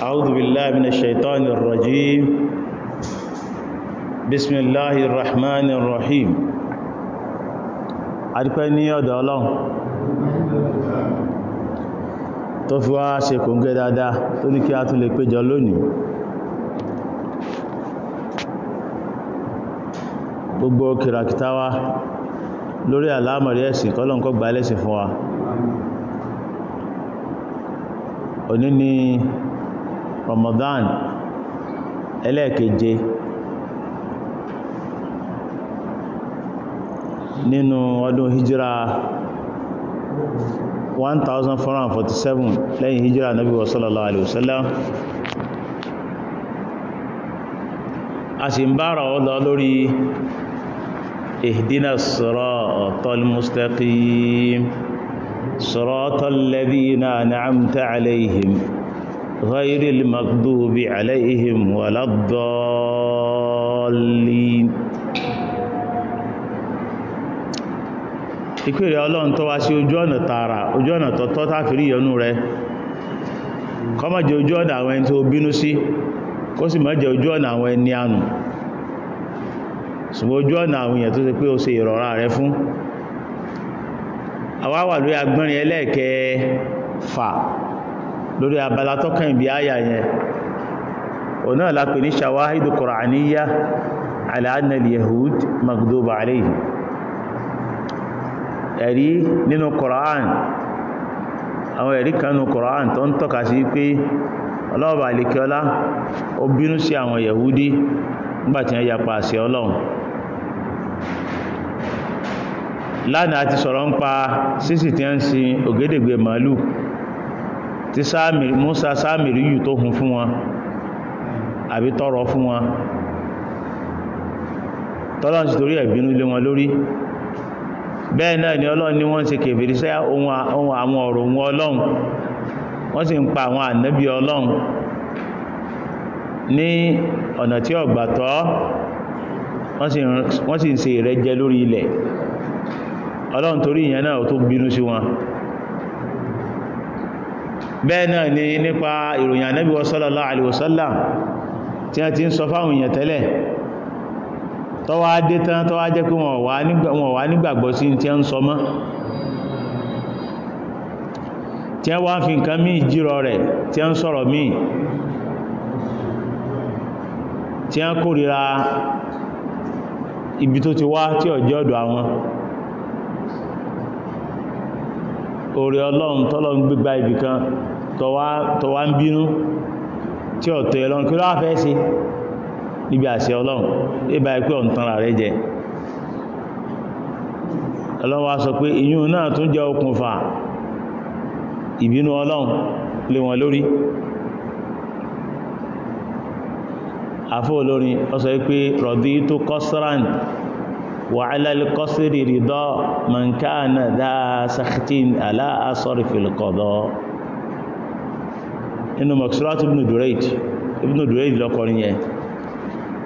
أعوذ بالله من الشيطان الرجيم بسم الله الرحمن الرحيم adúpẹ́ ní ọ̀dọ̀ ọlọ́run tó fi wá ṣe kòǹgẹ́ dáadáa tó ní kí a tún lè péjọ lónìí gbogbo kìràkìtà wa lórí àlámọ̀rí ẹ̀sìn kọ́lọ̀nkọ́ gbà lẹ́sìn fún wa òní ni Ramadan ẹlẹ́ẹ̀keje nínú ọdún hijira 1447 lẹ́yìn hijira nabi wa sallallahu alaihi wasallam a sì ń bára ọlọ lórí ihdina siratal mustaqim siratal ladhina an'amta alaihim غير المغضوب عليهم ولا الضالين ìpèrè ọlọ́run tọ́ wá sí ojú ọ̀nà tààrà ojú ọ̀nà tọ́tọ́ táfìrí ìyọnú rẹ kọmọ̀jẹ ojú ọ̀nà àwọn ẹni tó bínú sí kó sì mọ́jẹ ojú ọ̀nà àwọn ẹni ànù ṣùgbọ́n ojú ọ̀nà àwọn èèyàn tó ṣe pé ó ṣe ìrọ̀rá rẹ fún àwa lórí agbọ́nrin ẹlẹ́ẹ̀kẹ́ fà lórí abala tọ́kàn ìbí àyà yẹn o náà lápè ní ṣàwáhìdù kọ̀ràníyà ala anna al-yahud magduba alayhi ẹ̀rí nínú kọ̀rán àwọn ẹ̀rí kan nínú kọ̀rán tó ń tọ́ka sí pé ọlọ́ọ̀bà àlekẹ́ọ́lá ó bínú sí àwọn yahudi nígbàtí wọ́n yapa àṣẹ ọlọ́run lánàá ti sọ̀rọ̀ ń pa sísì tí ń sin ògédègbè màálù tí Musa sáàmìrí yìí tó hun fún wọn àbí tọrọ fún wọn tọ́lọ́n ti torí ẹ̀bínú lé wọn lórí bẹ́ẹ̀ náà ni ọlọ́run ni wọ́n ṣe kèfèrí sí ohun àwọn ọ̀rọ̀ wọn ọlọ́run wọ́n sì ń pa àwọn ànábì ọlọ́run ní ọ̀nà tí ọ̀gbà tọ́ wọ́n sì ń ṣe ìrẹ́jẹ lórí ilẹ̀ ọlọ́run torí ìyẹn náà tó bínú sí wọn bẹ́ẹ̀ náà ni nípa ìròyìn ànábì sallallahu alaihi tí a ti ń sọ fáwọn èèyàn tẹ́lẹ̀ tọ́wọ́ adé tán tọ́wọ́ jẹ́ pé wọ́n wà nígbàgbọ́ sí tí a ń sọ mọ́ tí a wá fi nǹkan míì jírọ rẹ̀ tí a ń sọ̀rọ̀ míì tí a ń ibi tó ti wá tí ọjọ́ ọ̀dọ̀ àwọn orí ọlọ́run tọ́lọ́run gbígbà ibìkan tọwá ń bínú tí ọ̀tọ̀ ẹlọ́run kí ló wá fẹ́ ṣe níbi àṣẹ ọlọ́run níbà pé ọ̀ntanra rẹ jẹ ọlọ́run wá sọ pé ìyún náà tún jẹ́ okùnfà ìbínú ọlọ́run lé wọn lórí afọ́ olórin ó sọ pé rọ̀dí tó kọ́síràn wà alálẹ́ kọ́sírì rìdọ́ mọ̀nkánà dáa sàkítín aláàsọ́rìfìlkọ̀dọ́ nínú mọ̀sílá tó ibùnú dùrẹ́ìd ibùnú dùrẹ́ìd lọ́kọrin yẹn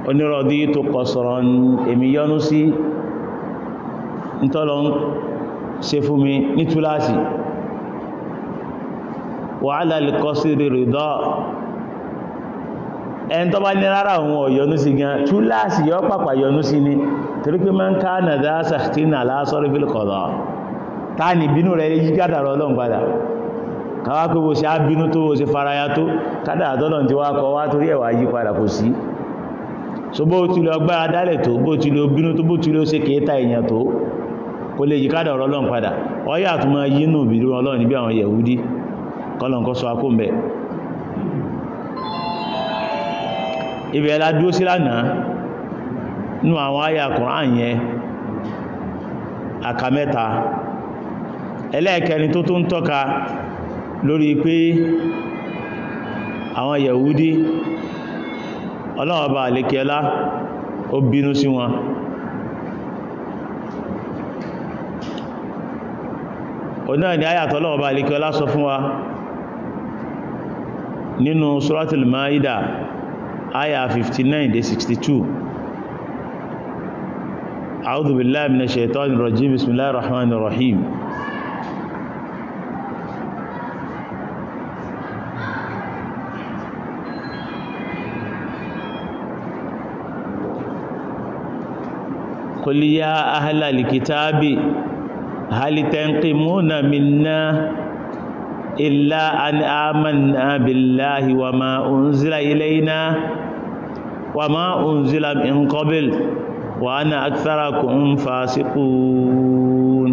onírọ̀dí tó kọ sọ̀rọ̀ èmi yọ́nú sí ntọ́lọ ń ṣe fún mi ní túláàsì wàhálà lè kọ́ sí rírìdọ́ ẹn tó bá ní rárá òun ọ̀yọ́nú sí gan túláàsì yọ́ pàpà yọ́nú sí ni torí pé ń ká nàdá sàtínà lásọ́rí fílkọ̀dọ̀ táà ní ìbínú rẹ̀ yígádàrọ̀ ọlọ́run padà káwá pé bó ṣe á bínú tó bó ṣe faraya tó kádà àtọ́lọ̀ ti wá kọ wá torí ẹ̀wà yí padà kò sí so bó ti lọ gbára dálẹ̀ tó bó ti lọ bínú tó bó ti lọ ṣe kéétà èèyàn tó kò lè yí kádà ọlọ́run padà ọyá àtúmọ̀ yínú ìbílú ọlọ́run níbi àwọn yẹ̀wúdí ẹlẹ́ẹ̀kẹrin tó tó ń tọ́ka lórí pé àwọn yẹ̀wúdí ọlọ́ọ̀bá àlékẹ́lá ó bínú sí wọn ọ̀nà ni ayàtọ̀ ọlọ́ọ̀bá àlékẹ́lá sọ fún wa nínú suratul maida aya 59-62 a'udhu billahi minash shaitani rajim bismillahir rahmanir rahim kòlíyá ahìlàlìkìtàbì halitẹ́ntìmúnà minna illa an amanna billahi wa ma unzila ilayna wa ma unzila min qabil wa ana aktharakum fasiqun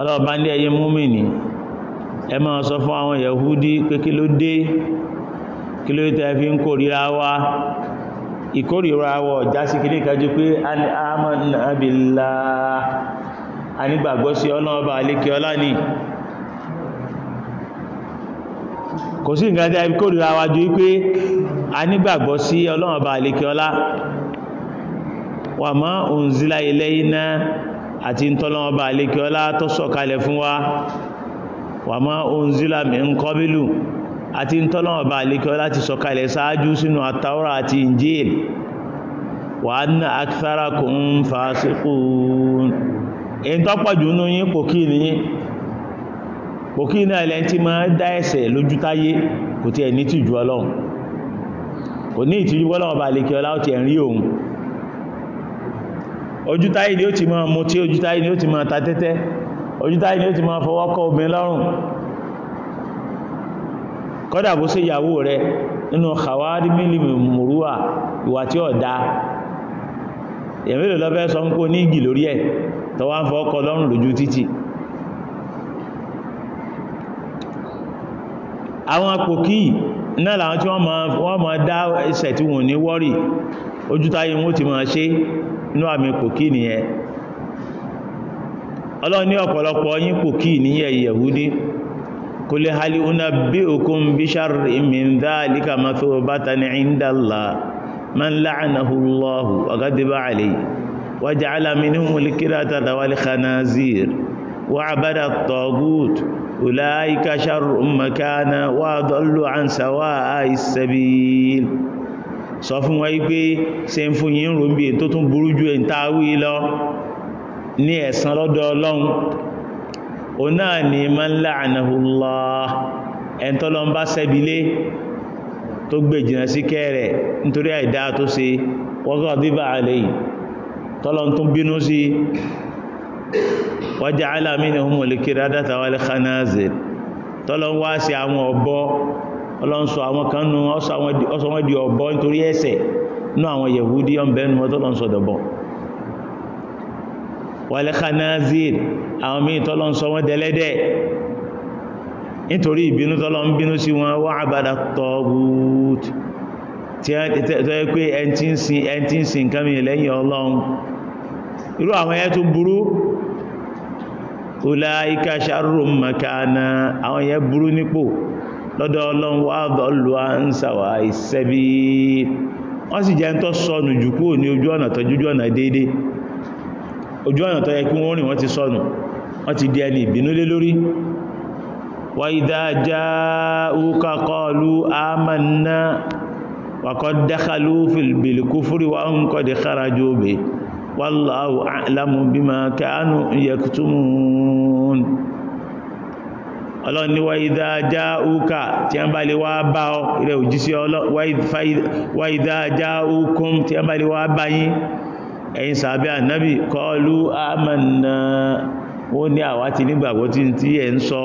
ọlọ́ọ̀bá ní ẹyẹ múmìnì ẹ máa sọ fún àwọn yahudi pé kí ló dé kí ló tẹ́ fi ń kórìíra wa ìkórìíra wọ já sí kìí kájú pé àmànàbìlá anígbàgbọ́ sí ọlọ́ọ̀bà alékẹ́ ọlá ní kò sí nǹkan ìkórìíra wa ju wípé anígbàgbọ́ sí ọlọ́ọ̀bà alékẹ́ ọlá wà mọ́ òǹzílá ilẹ̀ iná àti ìtọ́lọ́ọ̀bà alékẹ́ ọlá tó sọ̀kalẹ̀ fún wa wà mọ́ òǹzílá min qabilu àti ń tọ́lọ́wọ̀ bá alékọ́ láti sọ̀kalẹ̀ sáájú sínú àtàwọ́rà àti injil wà ní aktharakum fasiqun èyí tọ́pọ̀jù ní yí pòkí ní yí pòkí ní ilẹ̀ tí ma dá ẹ̀ṣẹ̀ lójú táyé kò tí ẹ̀ ní tìjú ọlọ́run kò ni ó ti máa mutí ni ó ti máa ta ni ó ti máa fọwọ́kọ́ obìnrin lọ́rùn kọ́dà bó sí ìyàwó rẹ̀ nínú kàwárí mílìmì mùrúwà ìwà tí ó dá èmìlò lọ́fẹ́ sọ ń kó ní igi lórí ẹ̀ tọwá ń fọ́ ọkọ̀ lọ́rùn lójú títì àwọn pòkí náà làwọn tí wọ́n máa dá ẹsẹ̀ tí wọ́n ní wọ́rì ojútáyé wọ́n ti máa ṣe inú àmì pòkí nìyẹn ọlọ́ni ọ̀pọ̀lọpọ̀ yín pòkí ní ẹ̀yẹ̀wú ní قل هل أنبئكم بشر من ذلك مثوبة عند الله من لعنه الله وغضب عليه وجعل منهم الكرة والخنازير وعبد الطاغوت أولئك شر مكانا وأضل عن سواء السبيل sọ fún wọn wípé ṣe ń fún yín rò ń bí tó tún burú ju ẹ̀ ń táwí lọ ní ẹ̀san lọ́dọ̀ Ọlọ́run o náà ni man la'anahu Allah ẹn tọ́lọ ń bá sẹ́bilé tó gbé jìnà sí kẹ́rẹ̀ nítorí àìdá tó ṣe waghadiba alayhi tọ́lọ tún bínú sí wa ja'ala minhumul qiradata wal khanazir tọ́lọ wá sí àwọn ọ̀bọ ọlọ́nsọ àwọn kan nù ọsọ wọn di ọ̀bọ nítorí ẹ̀ṣẹ̀ nú àwọn Yẹ̀húdí ọ̀bẹ́nu ọtọ́lọ́nsọ̀dọ̀bọ̀n wal-khanāzīr àwọn míì tọ́lọ ń sọ wọ́n dẹlẹ́dẹ̀ nítorí ìbínú tọ́lọ ń bínú sí wọn wọ́n àbádà tọ́gùt tí a tẹ́ pé ẹntí ń sin nǹkan mi lẹ́yìn ọlọ́run irú àwọn ẹ̀yẹ́ tó burú ulaika sharrun makana àwọn ẹ̀yẹ́ burú nípò lọ́dọ̀ ojú ọ̀nà tó yẹ kí wọ́n rìn wọ́n ti sọnù wọ́n ti di ẹni ìbínú lé lórí wa idha ja'uka qalu amanna wa qad dakhalu bil kufri wa hum qad kharaju bihi wallahu a'lamu bima kanu yaktumun ọlọ́ni wa idha ja'uka tí a ń bá lè wá bá ọ ilẹ̀ òjísí ọlọ́ wa idha ja'ukum tí a ń bá lè wá bá yín ẹ̀yin sàbí ànábì kọlu àmàna ó ní àwa ti nígbàgbọ́ tí tí ẹ̀ ń sọ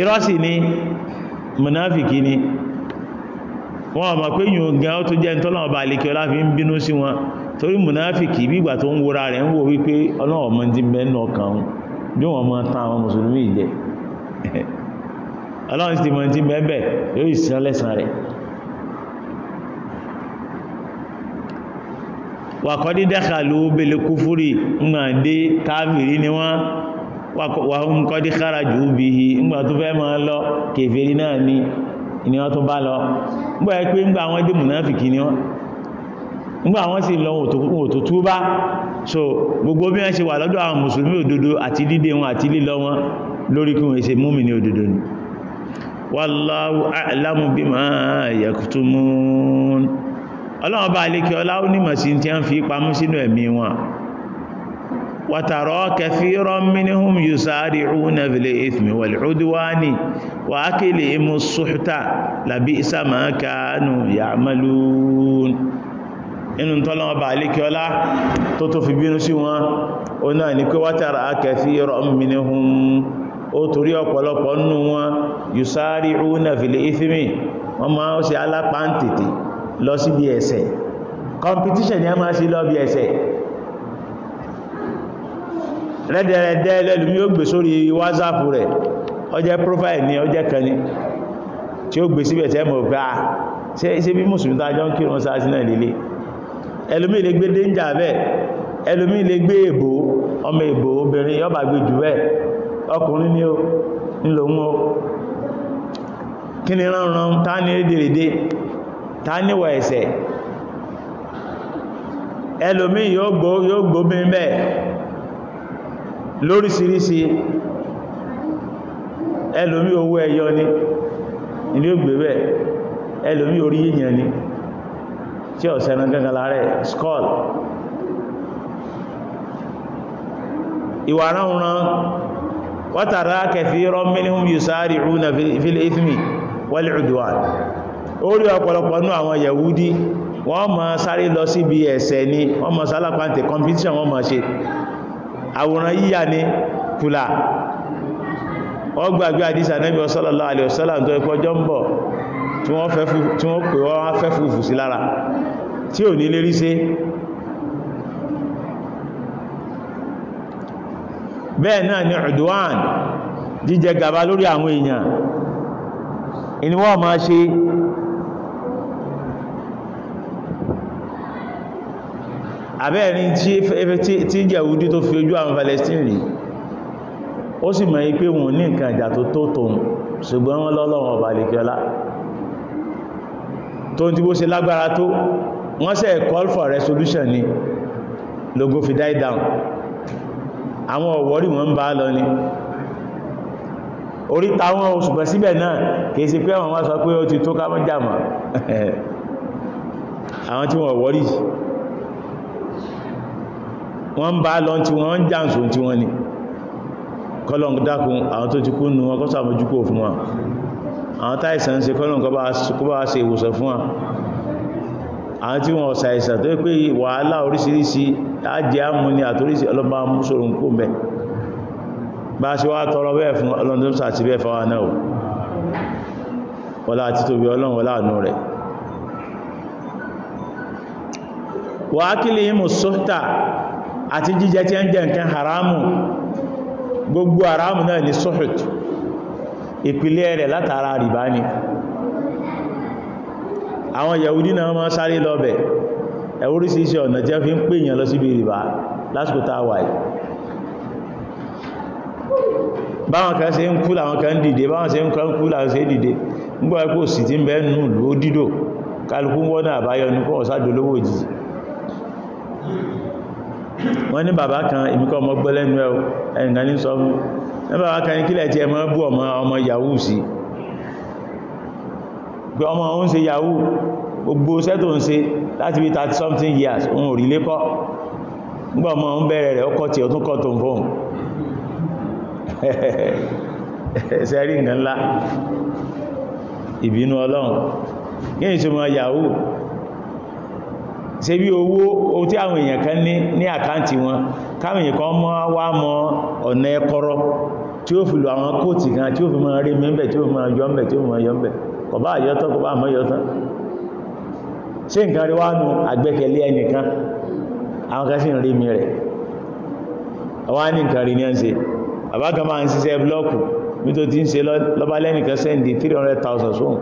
ìrọ́sì ni mùnáfìkì ni wọ́n ọmọ pé yìí ó tó jẹ́ ọba àlekẹ́ ọlá ń bínú sí wọn torí mùnáfìkì bí tó ń wora rẹ̀ ń wò wípé ọlọ́wọ́ mọ́ wàkọ́dí dákàlù bèlè kúfúrì ńgbà dé káàfìrí ni wọ́n wàhún kọ́dí kára jù bí i ńgbà tó fẹ́ máa lọ kèfèrí náà ni ni wọ́n tó bá lọ ńgbà ẹ pé ńgbà wọ́n dé mùnáfìkì ni wọ́n ńgbà wọ́n sì lọ òtò túbá so gbogbo bí wọ́n ṣe wà lọ́dọ̀ àwọn mùsùlùmí òdodo àti dídé wọn àti lílọ wọn lórí kí wọ́n ṣe mùmínì òdodo ni wallahu a'lamu bima yaktumun ọlọ́run bá lè kí ọlá ó nímọ̀ sí tí wọ́n fi pamọ́ sínú ẹ̀mí wọn wàtàrọ kẹfíìrọ mínúhùn yùsáàrí rúnà vilé ìfìmí wà lùdíwáni wà á kéèlè imú sùhútà làbí ìsàmàkánù yàmàlùún inú tọ́lọ́wọ́ bá alékiọlá tó tó fi bínú sí wọn o náà ní wọ́n máa ń ṣe alápá ń tètè lọ sí bí ẹsẹ̀ competition ni a máa sí lọ bí ẹsẹ̀ rẹ́dẹ̀rẹ́dẹ́ lẹ́lùmí ó gbé sórí whatsapp rẹ̀ ọjẹ́ profile ni ọjẹ́ kan ni tí ó gbé síbẹ̀ tẹ́ mọ̀ pé a ah, ṣe bí mùsùlùmí tàjọ ń kírun sáà sí náà lílé ẹlòmí lè gbé dénjà bẹ́ẹ̀ ẹlòmí lè gbé ọkùnrin ni ó ń lòun ó kí ni rán rán tá ní ta níwọ̀ ẹ̀ṣẹ̀ ẹlòmí yóò gbó yóò gbó bí mẹ́ lóríṣiríṣi ẹlòmí owó ẹyọ ni ilé ògbé bẹ́ ẹlòmí orí yíyàn ni tí ọ̀sẹ̀ ẹran gangan láàrẹ̀ skull ìwà ránran wátàrá kẹfì rọ́mínú yùsáàrì rúnà fílẹ̀ ìfìmì wal udwan ó rí ọ̀pọ̀lọpọ̀ ní àwọn yẹ̀wúdí wọ́n mọ̀ sáré lọ síbi ẹ̀sẹ̀ ni wọ́n mọ̀ sálápàntẹ̀ competition wọ́n mọ̀ ṣe àwòrán yíyà ni fùlà wọ́n gbàgbé àdísà nẹ́bí sallallahu alaihi wasallam tó ẹkọ́ jọ ń bọ̀ tí wọ́n pè wọ́n á fẹ́ fúfù sí ni ọ̀dùwàn jíjẹ gàba lórí àwọn èèyàn ìníwọ́ máa ṣe àbẹ́ẹ̀ni tí Yahudi tó fi ojú àwọn Palestine rí ó sì mọ̀ pé wọn ní nǹkan ìjà tó tó tóun ṣùgbọ́n wọ́n lọ́lọ́wọ́n ọba lèkẹ́ọlá tó ń tí bó lágbára tó wọ́n sẹ́ call for resolution ni logo fi die down àwọn ọ̀wọ́rí wọ́n ń bá lọ ni orí táwọn òṣùgbọ́n síbẹ̀ náà kìí sí pé àwọn sọ pé ó ti tó ká mọ́ àwọn tí wọ́n ọ̀wọ́rí wọ́n ń bá lọ tí wọ́n ń jàǹsò tí wọ́n ni kọ́lọ̀n dákun àwọn tó ti kú nù wọn kọ́sà mọ́júkò fún wa àwọn táìsàn ń ṣe kọ́lọ̀n kọ́ bá ṣe ìwòsàn fún wa àwọn tí wọ́n ṣàìsàn tó pé wàhálà oríṣiríṣi ajẹ́ amúni àtoríṣi ọlọ́bá mọ́sọ̀rọ̀ ń kó àti jíjẹ tí ń jẹ nǹkan haramu gbogbo haramu náà ni suhut ìpìlẹ̀ rẹ̀ látara rìbá ni àwọn yahudi náà máa sáré lọ́bẹ̀ ẹ̀wọ́rísíṣẹ́ ọ̀nà tí a fi ń pè èèyàn lọ síbi rìbá lásìkò tá a wà yìí báwọn kan ṣe ń kú làwọn kan dìde báwọn ṣe ń kú làwọn ṣe dìde nígbà kò sì ti ń bẹ́ẹ̀ nù ló dídò kálukú wọ́n náà àbáyọ ní kọ́ ọ̀sá dolówó jìí wọ́n ní bàbá kan èmi kọ́ ọmọ gbọ́ lẹ́nu ẹ̀ ẹnìkan ní sọ fún ní bàbá kan ní kílẹ̀ tí ẹ mọ́ bú ọmọ ọmọ yahoo sí pé ọmọ òun ṣe yahoo gbogbo iṣẹ́ tó ń ṣe láti bí 30 something years òun ò rí lékọ́ nígbà ọmọ òun bẹ̀rẹ̀ rẹ̀ ọkọ̀ tí ó tún kọ́ tó ń fóun ṣẹ́rí nǹkan ńlá ìbínú ọlọ́run yahoo ṣe bí owó o tí àwọn èèyàn kan ní ní àkáǹtì wọn káwọn èèyàn kan mọ́ wá mọ́ ọ̀nà ẹkọrọ tí ó fi lò àwọn kóòtì kan tí ó fi mọ́ rí mẹ́bẹ̀ tí ó fi mọ́ yọ mẹ́ tí ó fi mọ́ yọ mẹ́ kọ̀bá àyọ́tọ́ kọ̀bá àmọ́ yọ́tọ́ ṣé nǹkan rí wánu àgbẹ́kẹ̀lé ẹnìkan àwọn kan sì ń rí mi rẹ̀ àwọn á ní nǹkan rí ní ẹ̀ ń ṣe àbá kan máa ń ṣiṣẹ́ blọ́ọ̀kù nítorí ti ń ṣe lọ́bálẹ́nìkan sẹ́ndì 300,000 sóhun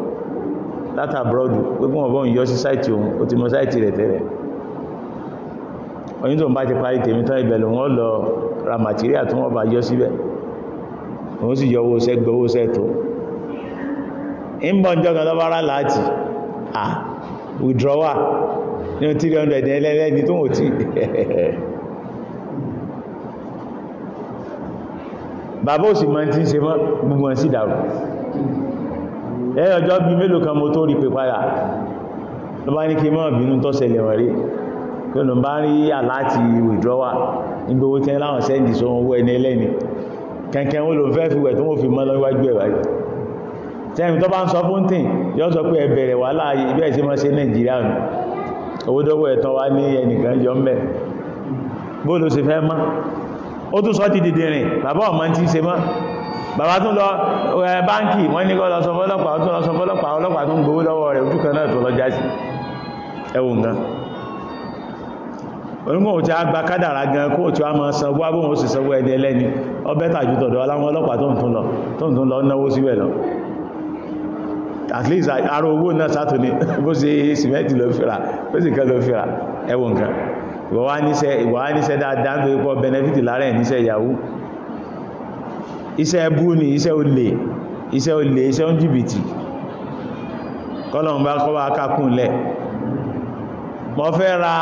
látà brọ́dù gbogbo ọ̀bọ̀n yọ sí sáìtì òun o ti mọ sáìtì rẹ̀ tẹ́rẹ̀ oyún tó ń bá ti parí tèmi tán ibẹ̀ lòun ó lọ ra màtíríà tó wọ́n bá yọ síbẹ̀ òun sì yọ owó sẹ́ gbé owó sẹ́ tó ń bọ̀ ń jọ́gàn lọ́wọ́ rá láti à withdrawal ní 300 ẹlẹ́lẹ́ni tó wò tí bàbá òsì mọ́ tí ń ṣe mọ́ gbogbo ẹ̀ sí dàrú lẹ́yìn ọjọ́ bí mélòó kan mo tó rí pé padà ló bá ní kí mọ́ bínú tó ṣẹlẹ̀ wọ̀n rí pé ló bá rí àláti wìdrọ́wà nígbà owó tí wọ́n láwọn sẹ́ndì sọ owó ẹni ẹlẹ́ni kẹ̀kẹ́ wọn ló fẹ́ fi wẹ̀ tó wọ́n fi mọ́ lọ́wọ́jú ẹ̀ báyìí tẹ́mi tó bá ń sọ fún tì yọ́ sọ pé ẹ̀bẹ̀rẹ̀ wà láàyè bí ẹ̀ sí mọ́ sí Nàìjíríà nù owó dọ́wọ́ ẹ̀tàn wá ní ẹnìkan jọ ń bàbá tún lọ báńkì wọ́n ní kọ́ lọ sọ fọ́lọ́pàá tún lọ sọ fọ́lọ́pàá ọlọ́pàá tún gbowó lọ́wọ́ rẹ̀ ojú kan náà tó lọ jásí ẹwù nǹkan onímọ̀ òtí a gba kádàrà gan kó òtí a máa sanwó abóhùn ó sì sanwó ẹni ẹlẹ́ni ọbẹ̀ tàjú tọ̀dọ̀ aláwọn ọlọ́pàá tó ń tún lọ tó ń tún lọ náwó síbẹ̀ lọ at least ara owó náà sátò ní bó ṣe sìmẹ́ntì ló fìrà bó sì kẹ́ ló fìrà ẹwù nǹkan ìwọ̀wá níṣẹ́ dáadáa nítorí pọ̀ benefit lára ẹ̀ níṣẹ́ yahoo iṣẹ́ ẹbú ni iṣẹ́ olè iṣẹ́ olè iṣẹ́ ń jìbìtì kọ́lọ̀n bá kọ́ bá kákùn lẹ̀ mọ́ fẹ́ ra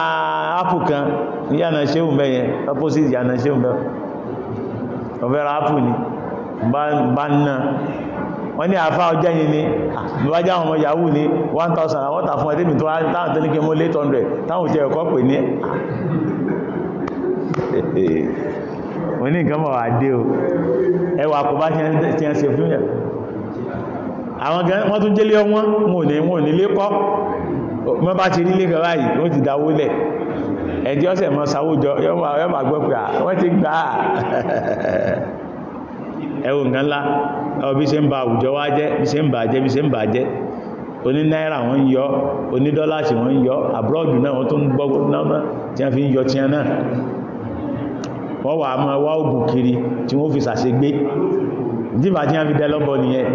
ápù kan ní yànà ṣéhùn bẹ́yẹ opposite yànà ṣéhùn bẹ́ mọ́ fẹ́ ra ápù ni bá ń náà wọ́n ní àfá ọjẹ́ yìí ni ìwájá ah, àwọn ọmọ yahoo ní 1000 àwọn tà fún ẹ̀tẹ́mì tó táwọn tó ní kí mọ́ 800 táwọn jẹ́ ẹ̀kọ́ pè ní ah mo ní nǹkan mọ̀ wà dé o ẹwà kò bá ti ẹn ṣe fún yẹn àwọn gan wọ́n tún jẹ́lé ọmọ wọn ò ní wọn ò ní lé kọ́ mọ́ bá ti nílé kan báyìí wọ́n ti dáwó lẹ̀ ẹ̀dí ọ̀sẹ̀ mọ́ sáwójọ yọ́ máa gbọ́ pé wọ́n ti gbà á ẹwọ nǹkan ńlá ẹwọ bí ṣe ń ba àwùjọ wá jẹ́ bí ṣe ń bà jẹ́ bí ṣe ń bà jẹ́ oní náírà wọ́n ń yọ oní dọ́là tí wọ́n fi ń yọ tiẹ̀ náà wọ́n wà mọ́ wá ògùn kiri tí wọ́n fi sàṣe gbé díbà tí wọ́n fi dẹ lọ́bọ nìyẹn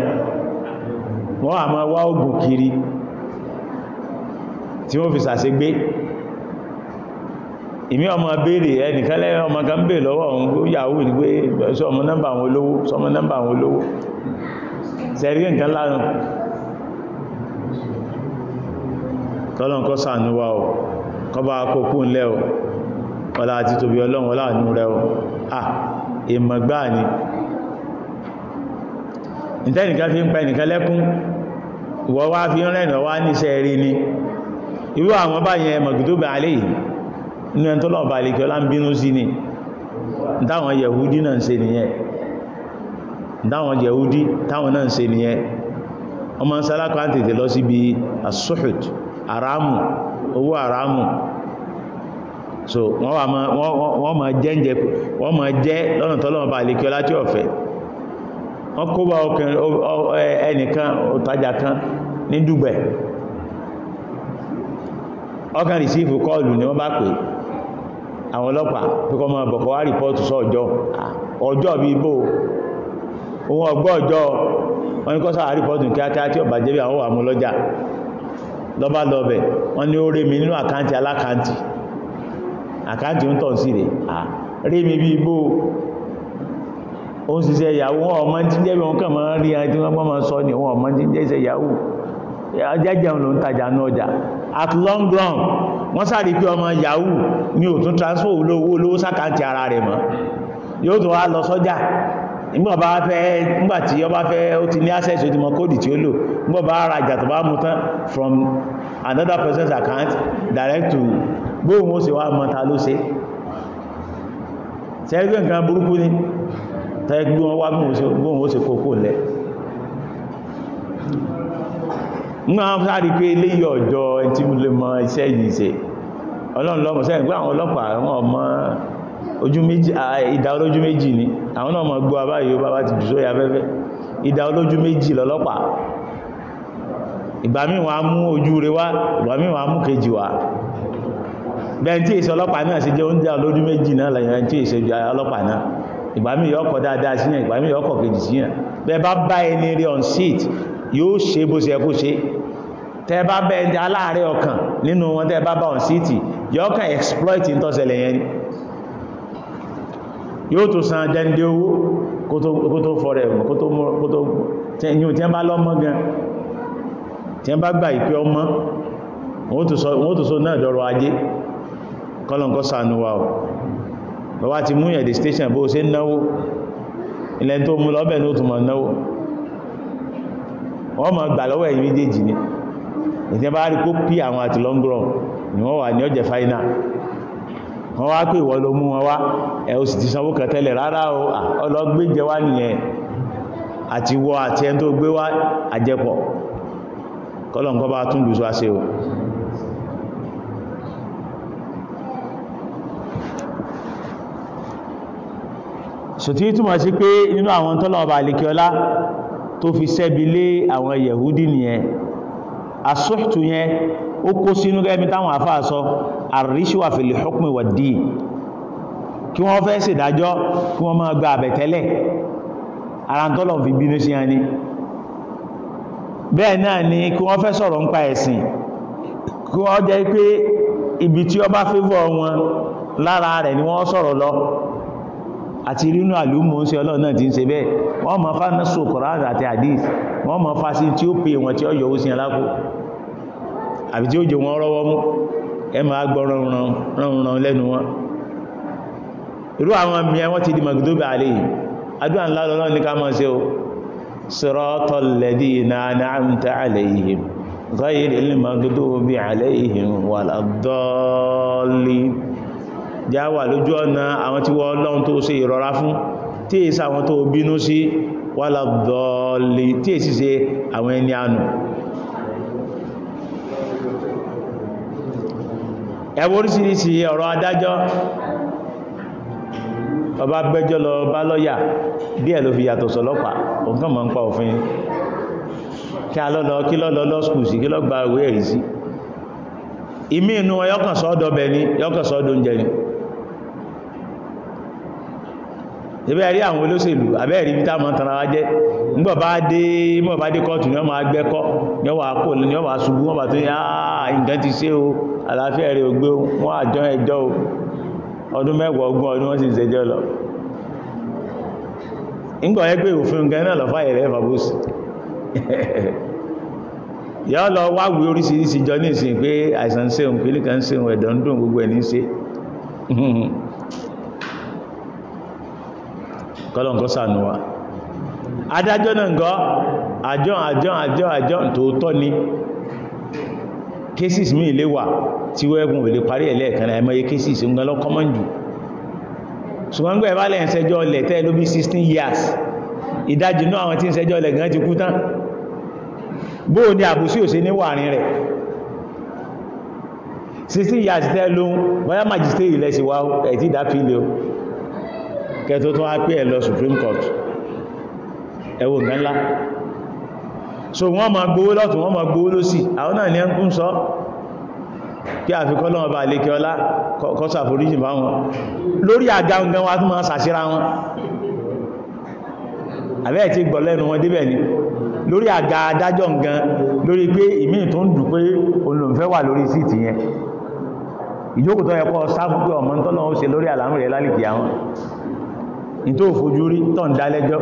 wọ́n wà mọ́ wá ògùn kiri tí wọ́n fi sàṣe gbé ìmí ọmọ béèrè ẹnìkan lẹ́yìn ọmọ kan béèrè lọ́wọ́ òun ó yàwó ní pé ṣé ọmọ nọ́mbà àwọn olówó sọmọ nọ́mbà àwọn olówó sẹ́rí nǹkan lánàá tọ́lọ́nkọ́ sànúwà ọ̀ kọba akókún lẹ́ ọ̀ ọlá àti tóbi ọlọ́run ọlá àánú rẹ̀ à èmọ̀ gbáà ni ìtẹ́nìkan fi ń pẹ nìkan lẹ́kún ìwọ wá fi ń rẹ̀nà wá níṣẹ́ rí ni irú àwọn báyẹn mọ̀gídóbà alẹ́ yìí inú ẹn tó lọ bá lè kí ọlá ń bínú sí owó àrámù so wọ́n wà wọ́n ma jẹ́ ń jẹ wọ́n ma jẹ́ lọ́nà tọ́lọ́wọ́ bá lè kí ọ láti ọ̀fẹ́ wọ́n kó bá ẹnìkan òtajà kan ní dùgbẹ̀ ọkàn rìsífù kọlù ni wọ́n bá pè àwọn ọlọ́pàá pẹ́kọ́ ma bọ̀kọ̀ wá rìpọ́ọ̀tù sọ ọjọ́ ọjọ́ bí bó ohun ọgbọ́ ọjọ́ wọ́n ní kọ́ sáà rìpọ́ọ̀tù kíákíá tí ọba jẹ́bí àwọn wà mú lọ́jà lọ́bá lọ́bẹ̀ wọ́n ní ó rẹ́ mi nínú àkáǹtì alákáǹtì àkáǹtì ń tọ̀ sí rẹ̀ à rí mi bí bó ó ń ṣiṣẹ́ ìyàwó wọn ọmọ tí ń jẹ́ wọn kàn máa ń rí ẹni tí wọ́n máa ń sọ ni wọn ọmọ tí ń jẹ́ iṣẹ́ ìyàwó ajẹ́jẹun ló ń ní ọjà at long run wọ́n sáré pé ọmọ yahoo ni ò tún transfer olówó olówó sákàǹtì ara rẹ̀ mọ́ yóò tún wá lọ sọ́jà nígbà bá fẹ́ nígbà tí ọba fẹ́ ó ti ní access ó ti mọ kóòdì tí ó lò nígbà bá rajà tó bá mú tán from another person's account direct to gbóhùn ó sì wá mọ́ta ló ṣe tẹ́gbẹ́ nǹkan burúkú ní tẹ́gbẹ́ wọn wá gbóhùn ó sì kókó lẹ́ ní àwọn sáàrí pé léyìí ọjọ́ tí mo lè mọ iṣẹ́ yìí ṣe ọlọ́run lọ́mọ sẹ́yìn pé àwọn ọlọ́pàá wọn ọmọ ojú méjì ìdá olójú méjì ni àwọn náà mọ̀ gbọ́ abáyé bá bá ti jù sóyà fẹ́fẹ́ ìdá olójú méjì lọ́lọ́pàá ìgbà míì wọ́n á mú ojú rẹ wá ìgbà míì wọ́n á mú kejì wá bẹ́ẹ̀ tí èsì ọlọ́pàá náà sì jẹ́ oúnjẹ olójú méjì náà lẹ́yìn tí èsì ọlọ́pàá náà ìgbà míì yọ́kọ̀ dáadáa síyàn ìgbà míì yọ́kọ̀ kejì síyàn bẹ́ẹ̀ on seat yóò ṣe bó ṣe kó ṣe tẹ́ bá bẹ́ ẹni aláàárẹ̀ ọkàn nínú wọn on seat yọ́kàn exploit ń tọ́sẹ̀lẹ̀ yẹn ni yóò tó san jẹ́ndé owó kó tó fọ́rẹ̀ kó tó mú tí wọ́n bá tí wọ́n bá gbà ìpé ọmọ wọ́n tó sọ náà dọ̀rọ̀ ajé kọ́lọ̀nkọ́ sànú wa ọ̀ lọ́wá ti mú ẹ̀dì station bó ṣe náwó ilẹ̀ tó mú lọ́bẹ̀ ní òtùmọ̀ náwó wọ́n ma gbà lọ́wọ́ ẹ̀yìn méjèèjì ni ìtẹ́ bá rí kó pí àwọn àti long run ni wọ́n wà ní ọjẹ́ final wọ́n wá pé ìwọ ló mú wọn wá ẹ̀ o sì ti sanwó kan tẹ́lẹ̀ rárá o ọlọ́gbé jẹ wá nìyẹn àti wọ àti ẹni tó gbé wá àjẹpọ̀ kọ́lọ̀nkọ́ bá tún lùsọ́ àṣẹ o sòtí túnmọ̀ sí pé nínú àwọn tọ́lọ̀ọba àlekíọlá tó fi sẹ́bi lé àwọn yẹ̀húdí nìyẹn asọ́tù yẹn ó kó sínú gẹ́mi táwọn àfáà sọ àríṣíwà fil hukmi wad din kí wọ́n fẹ́ ṣèdájọ́ kí wọ́n máa gba àbẹ̀tẹ́lẹ̀ ara tọ́lọ̀ fi bínú sí yẹn ni bẹ́ẹ̀ náà ni kí wọ́n fẹ́ sọ̀rọ̀ nípa ẹ̀sìn kí wọ́n jẹ́ pé ibi tí ó bá fẹ́vọ̀ wọn lára rẹ̀ ni wọ́n sọ̀rọ̀ lọ àti rínú àlúmọ̀ ń ṣe ọlọ́run náà ti ń ṣe bẹ́ẹ̀ wọ́n mọ̀ fá náà sọ Kùránì àti hadith wọ́n mọ̀ fá sí tí ó pè wọn tí ó yọ̀wó sí aláko àbí tí ó jẹ wọn rọ́wọ́ mú ẹ máa gbọ́ rọrùn lẹ́nu wọn irú àwọn mìíràn wọ́n ti di magdobe àlè yìí adúlá ńlá lọ́lọ́run ní ká máa ṣe o صراط الذين أنعمت عليهم غير المغضوب عليهم ولا الضالين já wà lójú ọ̀nà àwọn tí wọ́n Ọlọ́run tó ṣe ìrọ̀rá fún tí è sí àwọn tó bínú sí wala dhalin tí è sì ṣe àwọn ẹni ànù ẹwọ́ ọ̀rọ̀ adájọ́ ọba gbẹ́jọ́ lọ bá lọ́yà díẹ̀ ló fi yàtọ̀ sọ́lọ́pàá ọ̀gán mọ̀ ń pa òfin kí alọ́lọ́ kí lọ́lọ́ lọ́skù sí kí lọ́ gba ìwé ẹ̀rí sí ìmí inú ọyọ́kàn sọ́ọ́dọ̀ bẹ̀ ni yọ́kàn sọ́ọ́dọ̀ oúnjẹ ni ẹbẹ́ rí àwọn olóṣèlú abẹ́ rí bí táwọn tara wá jẹ́ nígbà bá dé mọ̀ bá dé kọ́ọ̀tù ní ọmọ agbẹ́kọ́ ní ọwà kò ní ọwà ṣubú wọ́n tó ní nǹkan ti ṣe o àlàáfíà rẹ̀ ògbé wọ́n àjọ ẹjọ́ o ọdún mẹ́wàá ogún ọdún wọ́n sì ṣẹjọ́ lọ ńgbọ̀ ẹ pé òfin gan náà lọ́fà ìrẹ́ fàbúsì yọ́ lọ wáwí oríṣiríṣi jọ ní ìsìn pé àìsàn ń ṣeun pé líka ń ṣeun ẹ̀dọ̀ ń dùn gbogbo ẹ̀ ní ṣe ni cases mi lè wà tí wẹ́gùn ò lè parí ẹ̀ lẹ́ẹ̀kan àìmọye cases ń gan lọ common jù ṣùgbọ́n gbẹ̀ bá lẹ́yìn ṣẹjọ́ ọlẹ̀ tẹ́ ló bí 16 years ìdájì náà àwọn tí ń ṣẹjọ́ ọlẹ̀ gan ti kú tán bóò ni àbúsí ò ṣe ní wàárín rẹ̀ 16 years tẹ́ ló ń bóyá magistrate ilẹ̀ sí wa ẹ̀tí o kẹtọ́ tó wá pé ẹ̀ lọ Supreme Court ẹ̀wọ̀n gan ńlá so wọ́n ma gbówó lọ́tún wọ́n ma gbówó lósì àwọn náà ní ẹkùn sọ kí àfikọ́ lọ́wọ́ bá lékẹ́ ọlá kọ́sà foríjì bá wọn lórí àga ǹgan wa tún ma sàṣírá wọn àbẹ́ ti gbọ́ lẹ́nu wọn débẹ̀ ni lórí àga adájọ́ ǹgan lórí pé ìmí tó ń dù pé olùfẹ́ wà lórí síìtì yẹn ìjókòó tó yẹ kó sáfù pé ọmọ ń tọ́nà ó ṣe lórí àlámù rẹ̀ lálìkì àwọn ní tó fojú rí tọ́ ń dálẹ́jọ́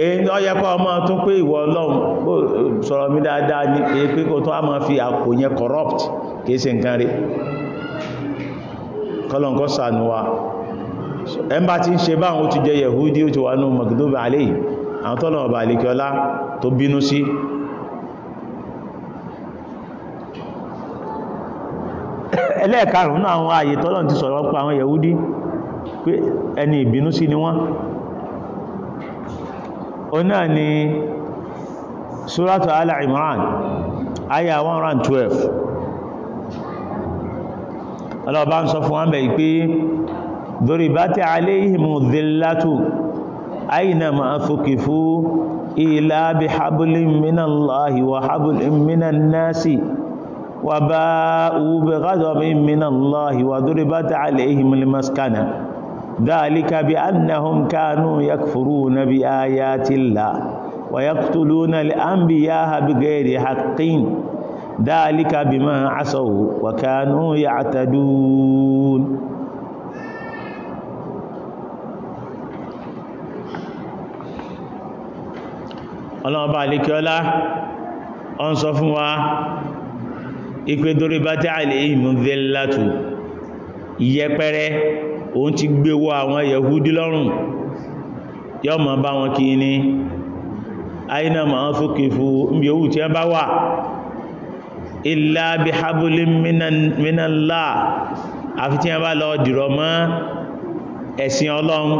èyí ọyẹ pa ọmọ tún pé ìwọ ọlọ́run sọ̀rọ̀ mi dáadáa ní pé kò tó a máa fi àpò yẹn corrupt kìí ṣe nǹkan rí kọlọ̀nkọ́ sànú wa ẹmbà tí ń ṣe bá àwọn ó ti jẹ yẹ̀húdí ó ti wà ní magdubi alayhi àwọn tọ́lọ̀ ọba àlekíọlá tó bínú sí ẹlẹ́ẹ̀karùn-ún àwọn ààyè tọ́lọ̀ ti sọ̀rọ̀ pa àwọn yẹ̀húdí pé ẹni ìbínú sí ni wọ́n òun náà ni Suratu Ala Imran ayà 112 ọlọ́ọ̀bá ń sọ fún wọn bẹ̀ pé ضربت عليهم الذلة أينما ثقفوا إلا بحبل من الله وحبل من الناس وباءوا بغضب من الله وضربت عليهم المسكنة ذلك بأنهم كانوا يكفرون بآيات الله ويقتلون الأنبياء بغير حقين ذلك بما عصوا وكانوا يعتدون الله alékiọ́lá ọ ń sọ fún wa ìpé dórí bá tí òun ti gbéwó àwọn yẹ̀húdí lọ́rùn yọ́ ma bá wọn kí ní àìnà ma ń fókè fún ibi owó tí ẹ bá wà ilá bí hábúlé mínàlá àfi tí ẹ bá lọ dìrọ mọ́ ẹ̀sìn ọlọ́run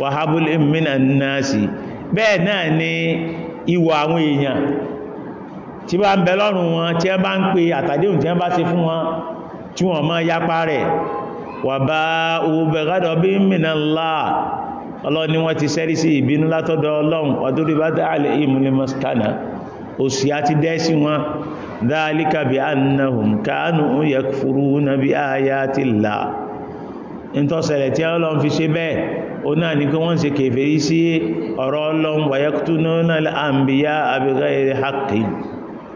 wà hábúlé mínàlásì bẹ́ẹ̀ náà ni ìwà àwọn èèyàn tí bá ń bẹ lọ́rùn wọn tí ẹ bá ń pe àtàdéhùn wà bá ubẹ̀gádọ̀ bí mìnà láà ọlọ́ni wọ́n ti sẹ́rí sí ìbínú látọ́dọ̀ ọlọ́run ọdúrí bá dáàlẹ̀ ìmúlẹ̀mọ́skánà òsì àti dẹ́sí wọn dáàlíkà bí annahum káánù yakfuruna bí ayati Allah ìntọ́sẹ̀lẹ̀ tí ọlọ́run fi ṣe bẹ́ẹ̀ o náà ní kí wọ́n ṣe kèfèrí sí ọ̀rọ̀ ọlọ́run wa yaqtununa al-anbiya bi ghayri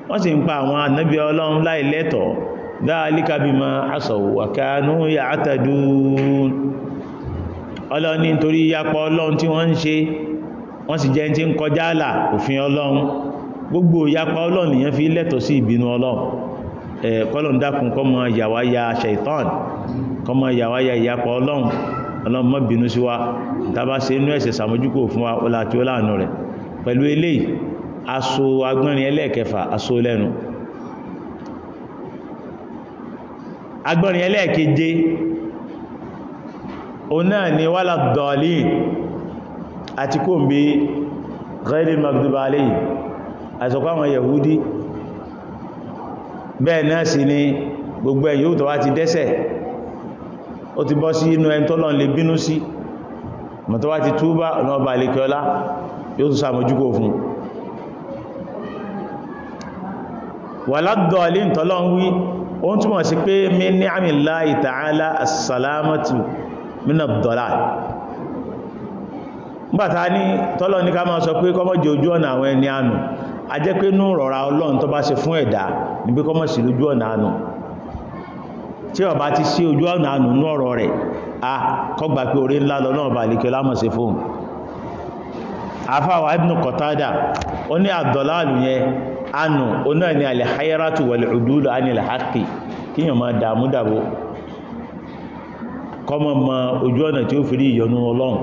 wọ́n sì ń pa àwọn ànábì ọlọ́run láìlẹ́tọ̀ọ́ dáálíkà bí ma aṣọ̀wò àkánú yà átàdú ọlọ́ni torí yapọ̀ ọlọ́run tí wọ́n ń ṣe wọ́n sì jẹ́ tí ń kọjá àlà òfin ọlọ́run gbogbo yapọ̀ ọlọ́run nìyẹn fi lẹ́tọ̀ sí ìbínú ọlọ́run kọlọ̀n dákun kọmọ yàwáyà shaitan kọmọ yàwáyà ìyapọ̀ ọlọ́run ọlọ́run má bínú sí wa tàbá pẹ̀lú eléyìí aṣọ agbọ́nrin ẹlẹ́ẹ̀kẹfà aṣọ lẹ́nu agbọ́rin ẹlẹ́ẹ̀keje òun náà ni wala dọ̀ọ̀lì àti kò ń bí ghairi maghdubi alayhi àsọ̀kọ́ àwọn yahudi bẹ́ẹ̀ náà sì ni gbogbo ẹ̀yìn yóò tọ́wá ti dẹ́sẹ̀ ó ti bọ́ sí inú ẹni tọ́lọ́n lè bínú sí mọ̀tọ́wá ti túbá ọ̀nà ọba àlekẹ́ọlá yóò tún sàmójúkò fún wà ládọ̀ọ̀lì tọ́lọ́n wí ó ń túnmọ̀ sí pé min ni'amillahi ta'ala as-salamatu minad-dalal gbàtà ní tọ́lọ ní ká máa sọ pé kọ́mọ̀jẹ ojú ọ̀nà àwọn ẹni ànù a jẹ́ pé ní rọ̀rà ọlọ́run tó bá ṣe fún ẹ̀dá ní pé kọ́mọ̀sí lójú ọ̀nà ànù tí ó bá ti sí ojú ọ̀nà ànù ní ọ̀rọ̀ rẹ̀ a kọ́gbà pé orí ńlá lọ́nà ọba àlekẹ́ lámọ̀sí fún àfáwà Ibn Qatada ó ní àdọ̀láàlù yẹn anù oná ni alìháyárátù wal udulu anil haqqi kíyàn máa dààmú dàbò kọmọ mọ ojú ọ̀nà tí ó fi rí ìyọnú ọlọ́run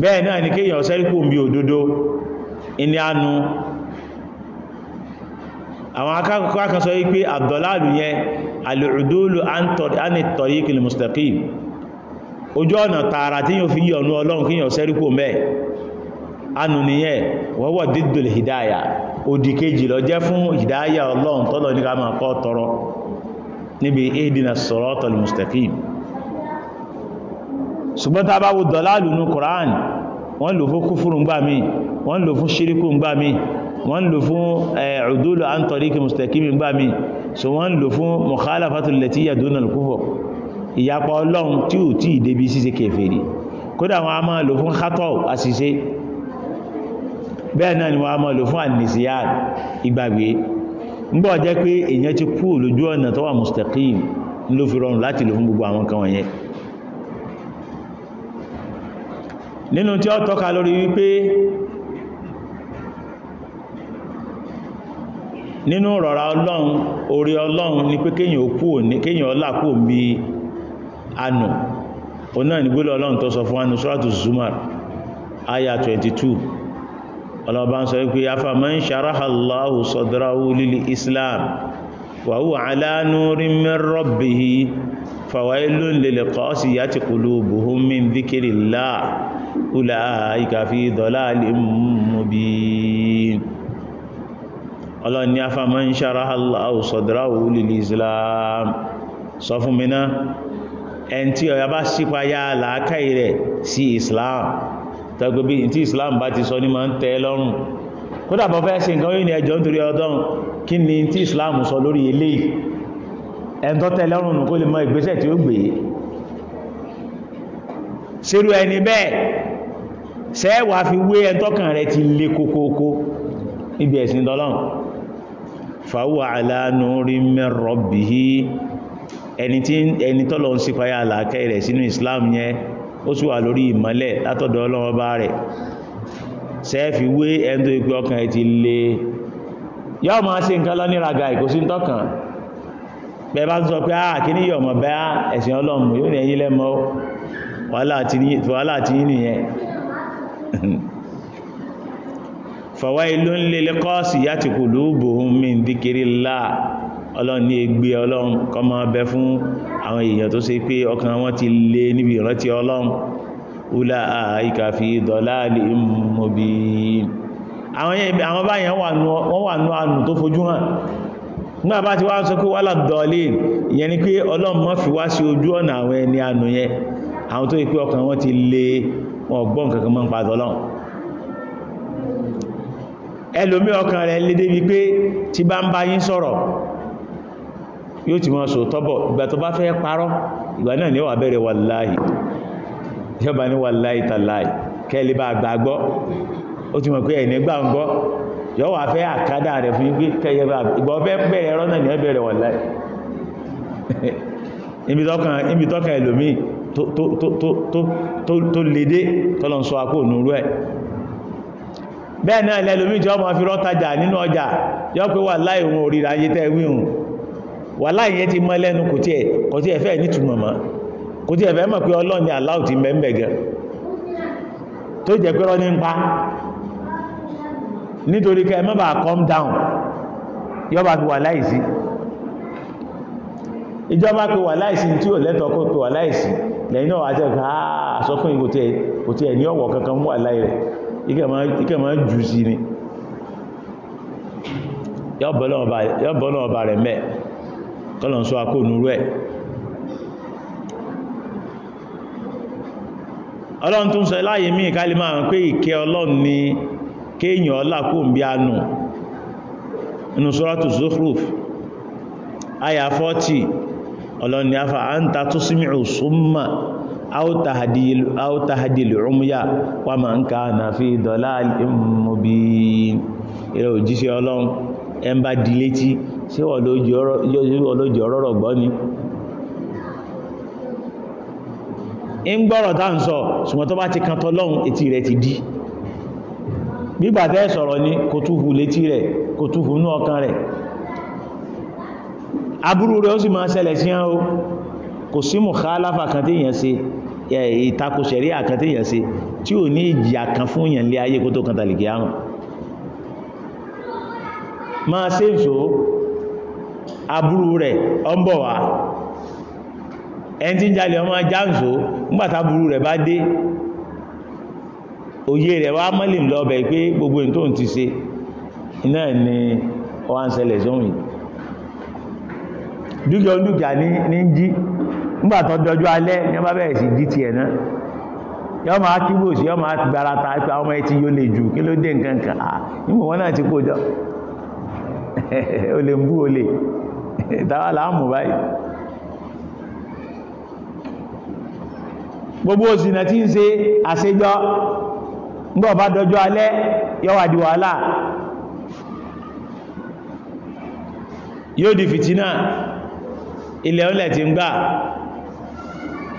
bẹ́ẹ̀ náà ni kíyàn sẹ́ríkù bí òdodo ìní anù àwọn akẹ́kọ̀ọ́ kan sọ wípé àdọ̀láàlù yẹn alìrùdúlù anìtọ̀ríkìlì mustaqim ojú ọ̀nà tààrà tí yóò fi yọnú ọlọ́run kíyàn sẹ́ríkù mẹ́ẹ̀ anùnìyẹ wọ́wọ́ dídùl hidaya òdìkejì lọ jẹ́ fún hidaya ọlọ́run tọ́lọ̀ ní ká máa kọ́ tọrọ níbi ihdina siratal mustaqim ṣùgbọ́n tá bá wo dọ̀láàlù ní Qur'an wọ́n lò fún kúfùrù ń gbà mí wọ́n lò fún ṣíríkù ń gbà mí wọ́n lò fún udulu an tariqi mustaqim ń gbà mí so wọ́n lò fún mukhalafatul latiya dunal kufur ìyapa ọlọ́run tí ò tí ì débi ṣíṣe kèfèrí kódà wọn a máa lò fún khatọ́ àṣìṣe bẹ́ẹ̀ náà ni wọ́n a fún ànìsíyàn ìgbàgbé ńgbọ́ jẹ́ pé èyàn ti kú lójú ọ̀nà tó wà mustaqim ló fi rọrùn láti lò fún gbogbo àwọn kan wọ̀nyẹn nínú tí ó tọ́ka lórí wípé nínú rọ̀rá ọlọ́run orí ọlọ́run ni pé kéyàn ọlá kú òmí anù ọlọ́run tó sọ fún anù Zumar 22 ọlọ́ọ̀bá ń sọ wípé afaman sharaha Allahu sadrahu lil islam wa huwa ala nurin min rabbih fawailun lil qasiyati qulubuhum min dhikrillah ulaika fi dalalin mubin ọlọ́ni afaman sharaha Allahu sadrahu lil islam sọ fún mi náà ẹn tí ọ̀yà bá sípayá làákàí rẹ̀ sí islam tẹ́gbẹ́ bí tí Islam bá ti sọ ní máa ń tẹ́ lọ́rùn kódà bọ́ fẹ́ sí nǹkan ní ẹjọ́ nítorí ọdọ́run kí ni tí Islam sọ lórí eléyìí ẹn tó tẹ́ lọ́rùn kó lè mọ ìgbésẹ̀ tí ó gbé sírú ẹni bẹ́ẹ̀ sẹ́wà fi wé ẹn tọ́kàn rẹ̀ ti le kókókó ibi ẹ̀sìn dọ́lọ́run fàwọ́ àlànà orí mẹ́rọ̀ ẹni tọ́lọ́ ń sípayá àlàkẹ́ rẹ̀ sínú Islam yẹn ó sì wà lórí ìmọ́lẹ̀ látọ̀dọ̀ bá rẹ̀ sẹ́ẹ̀fì wé ẹni tó ọkàn ẹ̀ ti lè yọ́ máa ṣe nǹkan lọ níraga ìkòsí tọ́kàn bẹ́ẹ̀ bá sọ pé àà ah, kí ní yọ̀ mọ̀ bẹ́ ah, ẹ̀sìn ọlọ́run yóò ní lẹ́mọ́ wàhálà nìyẹn ọlọ́run ní ègbé ọlọ́run kọ́ máa bẹ fún àwọn èèyàn tó ṣe pé ọkàn wọn ti lé níbi ìrántí ọlọ́run ula àìkà fi dọ̀láàlì mọ̀bí àwọn báyẹn wọ́n wà ní ànù tó fojú hàn nígbà bá ti wá sọ pé wálà dọ̀ọ̀lì ìyẹn ni pé ọlọ́run má fi wá sí ẹlòmí ọkàn rẹ̀ lédè wípé tí bá ń bá yín sọ̀rọ̀ yóò ti máa sòtọ́bọ̀ ìgbà tó bá fẹ́ parọ́ ìgbà náà ni ó wà bẹ̀rẹ̀ wàláì ìjọba ní wàláì tàláì kẹ́lẹ̀ bá gbàgbọ́ ó ti mọ̀ pé ẹ̀ní gbàǹgbọ́ yọ wà fẹ́ àkádà rẹ̀ fún yín ni ó bẹ̀rẹ̀ wàláì ibi tọ́kàn ibi tọ́kàn ẹlòmíì tó tó tó tó tó lédè tọ́lọ̀ ń sọ akó ònúrú ẹ̀ bẹ́ẹ̀ náà lẹ́lòmíì tí wọ́n máa fi rọ́tajà nínú ọjà yọ pé wàláì òun òrìrà ayé tẹ́ wíhùn wàhálà yẹn ti mọ́ lẹ́nu kò tiẹ̀ kò tiẹ̀ fẹ́ nítumọ̀ mọ́ kò tiẹ̀ fẹ́ mọ̀ pé ọlọ́run ni Allah ti mẹ́mẹ́ gan tó jẹ́ pé rọ́ní ń pa nítorí kẹ́ mọ́ bá calm down yọba fi wà láìsí ìjọba pé wà láìsí tí ò lẹ́tọ̀ọ́ kó pé wà láìsí lẹ́yìn náà àti ẹ̀ka àsọkún ìgò tí kò tiẹ̀ ní ọ̀wọ̀ kankan wà láì rẹ̀ ikẹ̀ máa jù sí ni yọ́bọ̀ náà ọba rẹ̀ mẹ́ẹ̀ kọ́lọ̀ ń sọ akóònúrú ẹ̀ ọlọ́run tún sọ láyé mí ìkálí máa ń pé ìkẹ́ ọlọ́run ni kéèyàn ọlá kó ń bí anù inú sọ́rọ̀tù Zukhruf aya 40 ọlọ́run ni afa anta tusmi'u summa aw tahdil umya wa man kana fi dalalin mubin ilẹ̀ òjíṣẹ́ ọlọ́run ẹn bá di létí ṣé ọlójì ọ̀rọ̀rọ̀ gbọ́ ni ń gbọ́rọ̀ tá ń sọ ṣùgbọ́n tó bá ti kan tọ́lọ́run etí rẹ̀ ti dí gbígbà sọ̀rọ̀ ni kò túhù létí rẹ̀ kò túhù ní ọkàn rẹ̀ aburú rẹ̀ ó sì máa ṣẹlẹ̀ sí ọ́ kò sí mùkhálàfà kan tí èèyàn ṣe ìtakò ṣẹ̀ríà kan tí èèyàn ṣe tí ò ní ìjìyà kan fún èèyàn lé ayé kó tó kan tàlìkì àrùn máa ṣe ìṣò aburú rẹ̀ ọmbọ̀ wa? ẹni tí n jalè ọmọ ajá ìṣò nígbàtà aburú rẹ̀ bá dé òye rẹ̀ wá mọ́lìm lọ́bẹ̀ pé gbogbo ẹ̀ tó ń ti ṣe iná ni ọwá ń ṣẹlẹ̀ sóhun yìí dúkìá dúkìá ní jí nígbàtọ̀ dọjú alẹ́ ní ọmọ bẹ̀rẹ̀ sí jí tiẹ̀ náà yọ máa yọ máa gbára ta ọmọ ẹ ti yóò lè jù kí ló dé nǹkan kan wọn náà ti kó jọ o lè ń bú o lè ìtawà láàmù báyìí gbogbo òsìnà tí ń ṣe àṣejọ́ ngbọ́ bá dọjọ́ alẹ́ yọ́wà di wàhálà yóò di fìtínà ilẹ̀ ọlẹ̀ ti ń gbà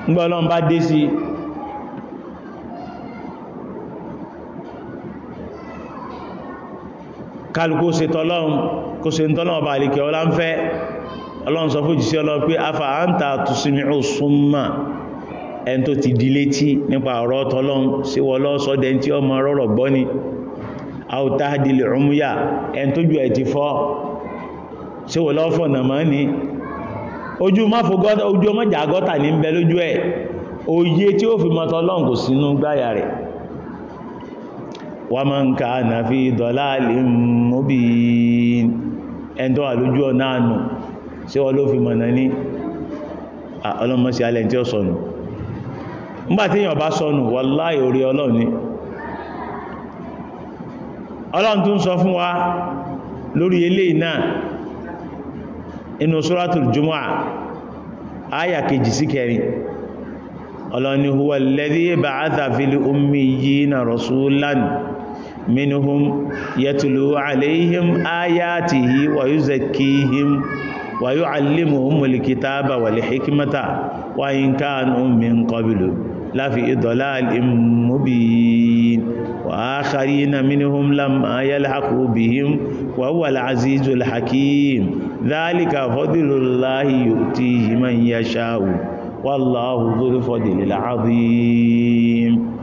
ngbọ́ ọlọ́run dé sí i kálukú ṣe tọ́lọ́run kó ṣe tọ́lọ́run ọba àlèkẹ́ ọlá ń fẹ́ ọlọ́run sọ fún jìsí ọlọ́run pé afa à ń ta tùsùmí òsùnmà ẹn tó ti di létí nípa ọ̀rọ̀ tọ́lọ́run sí wọ́n lọ́sọ́ dẹn tí ọmọ rọ̀rọ̀ gbọ́ ni àwòtá adìlẹ̀ ọmúyà ẹn tó ju ẹ̀ ti fọ́ sí wọ́n lọ́fọ̀ nàmọ́ ni ojú ọmọ jàgọ́ta ní ń bẹ lójú ẹ̀ òye tí ó fi mọ́tọ́ ọlọ́run kò sínú gbáyà rẹ̀ wa man kana fi dalalin mubin ẹ̀ntọ́ àlójú ọ̀nà ànù sí wọ́n ló fi mọ̀nà ní ọlọ́mọsí alẹ́ tí ó sọnù nígbàtí èyàn bá sọnù wallahi orí ọlọ́run ni ọlọ́run tún sọ fún kẹrin ọlọ́ni huwa alladhi ba'atha fil ummiyina rasulan minhum yatulu alayhim ayatihi wa yuzakkihim wa yuallimuhum alkitaba wal hikmata wa in kanu min qablu la fi dhalalin mubin wa akharina minhum lam yalhaqu bihim wa huwa alazizul hakim dhalika fadlullahi yu'tihi man yasha'u wallahu dhul azim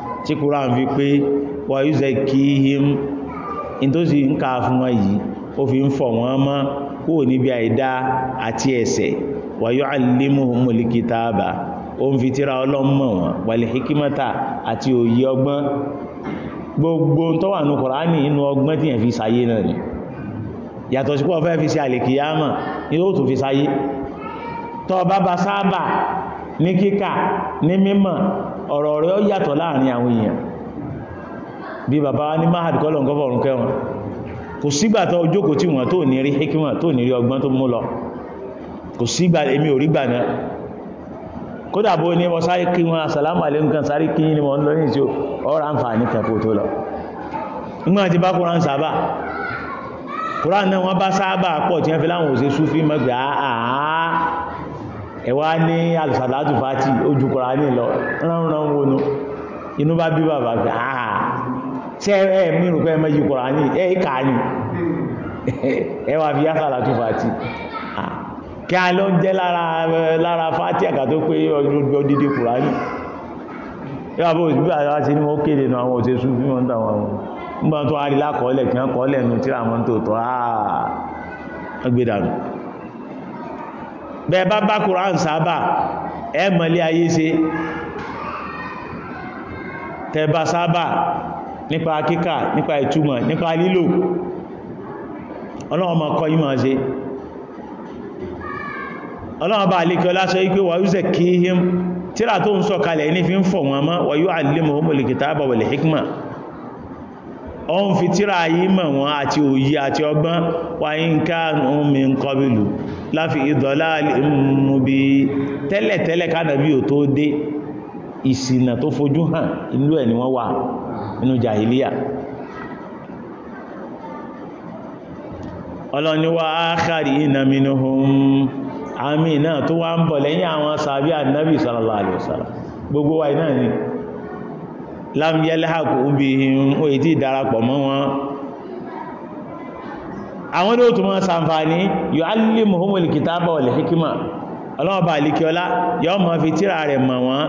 tí Kùránì fi pé wà yúzẹ̀ kí him tó sì ń káà fún wọn yìí ó fi ń fọ̀ wọn mọ́ kúrò níbi àìdá àti ẹ̀ṣẹ̀ wà yóò ó ń fi tíra ọlọ́mọ̀ wọn hikimata àti òye ọgbọ́n gbogbo tó wà ní Kùránì inú ọgbọ́n tí yẹn fi sáyé náà ni yàtọ̀ sí pọ̀ fẹ́ fi sí àlèkìyàmà ni ó tún fi sáyé tọ́ bá bá ọ̀rọ̀ rẹ̀ yàtọ̀ láàrin àwọn èèyàn bí bàbá ní mahad kọ́lọ̀ nǹkan fọ̀rún kẹwọn kò sígbà tó jókòó tí wọ́n tó ní rí hikima tó ní rí ọgbọ́n tó mú lọ kò sígbà èmi ò rí gbà náà kódà bó ní sáré kí nǹkan sáré kí ní lọ tó lọ bá sábà náà bá sábà pọ̀ tí fi láwọn òṣèṣú fi ẹ̀wá ní alùsàlátù fàtì ojú Kùránì lọ ránran wọnú inú bá bí bàbá gbà aaa. ṣe ẹ mìíràn pé ẹmọ yìí Kùránì ẹ kà ní ẹwà fi yá sàlátù kí a lọ ń lára fatị àkà tó pé odidi Kùránì yóò bó ìgbà ní wọ́n kéde àwọn òṣèṣú bí wọ́n ń nígbà tó kí wọ́n bẹ bá bá kùrán sábà ẹ mọ̀lé ayé ṣe tẹbà sábà nípa kíkà nípa ìtumọ̀ nípa lílò ọlọ́wọ́ ma kọ́ wà yúzẹ̀ kí him tíra tó ń sọ kalẹ̀ ní wà àlèmọ̀ hikma fi tíra mọ̀ wọn àti àti ọgbọ́n wà yí ń ká ń mi láfi ìdọ̀lá mú bí tẹ́lẹ̀tẹ́lẹ̀ kánàbí ò tó dé ìsìnà tó fojú hàn inú ẹ̀ ni wọ́n wà nínú jahiliya ọlọ́ni wa ákàrí ìnàmìnàhùn àmì náà tó wá ń bọ̀ lẹ́yìn àwọn sàbí ànábì sallallahu alaihi wasallam gbogbo wa àwọn ní ó tún mọ́ sàǹfàní yu'allimuhumul kitaba wal hikima ọlọ́ọ̀bà àlíkíọlá yọ́ mọ́ fi tíra rẹ̀ mọ̀ wọ́n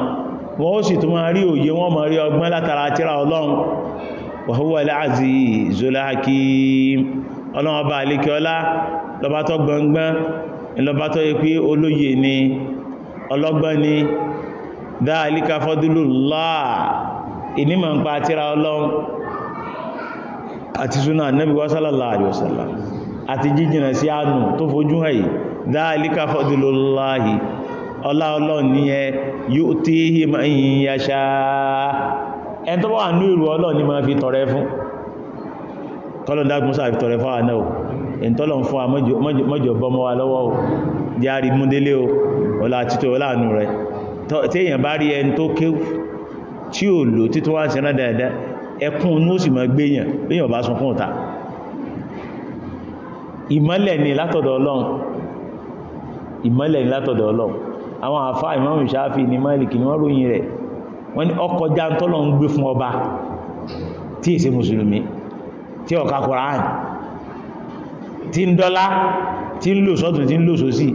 wọ́n ó sì tún máa rí òye wọ́n mọ̀ rí ọgbọ́n látara tíra ọlọ́run wa huwa al-azizul hakim ọlọ́ọ̀bà àlíkíọlá lọ́bá tó gbọngbọ́n lọ́bá tó yẹ pé olóye ni ọlọ́gbọ́n ni dhalika fadlullah ìnímọ̀ àti súnà Ànábì wa sallallahu alaihi wasallam àti jíjìnà sí àánú tó fojú hàn yìí dáálíkà fọ́dúlọ́láhì ọlá ọlọ́run ní ẹ yóò tí him ẹ̀yìn yàṣá ẹn tó wà ní ìrù ọlọ́run ní ma fi tọrẹ fún kọlọ̀ dágbùnsá fi tọrẹ fún àná o ẹn tọ́lọ̀ fún wa mọ́jọ bọ́mọ́ wa lọ́wọ́ o járí múndélé o ọlá títọ́ ọlánú rẹ tí èèyàn bá rí ẹn tó kéw ní ó sì máa gbéyàn bí èèyàn bá sun fún ọ̀tá ìmọ́lẹ̀ ni látọ̀dọ̀ ọlọ́run ìmọ́lẹ̀ ni látọ̀dọ̀ ọlọ́run àwọn àfá ìmọ́mù ìṣááfì ní Málíkì ni wọ́n ròyìn rẹ̀ wọ́n ní ọkọ̀ jántọ́lọ̀ ń gbé fún ọba tí èsè mùsùlùmí tí ọ̀ka Kùránì tí ń dọ́lá tí ń lò sọ́tún tí ń lò sósì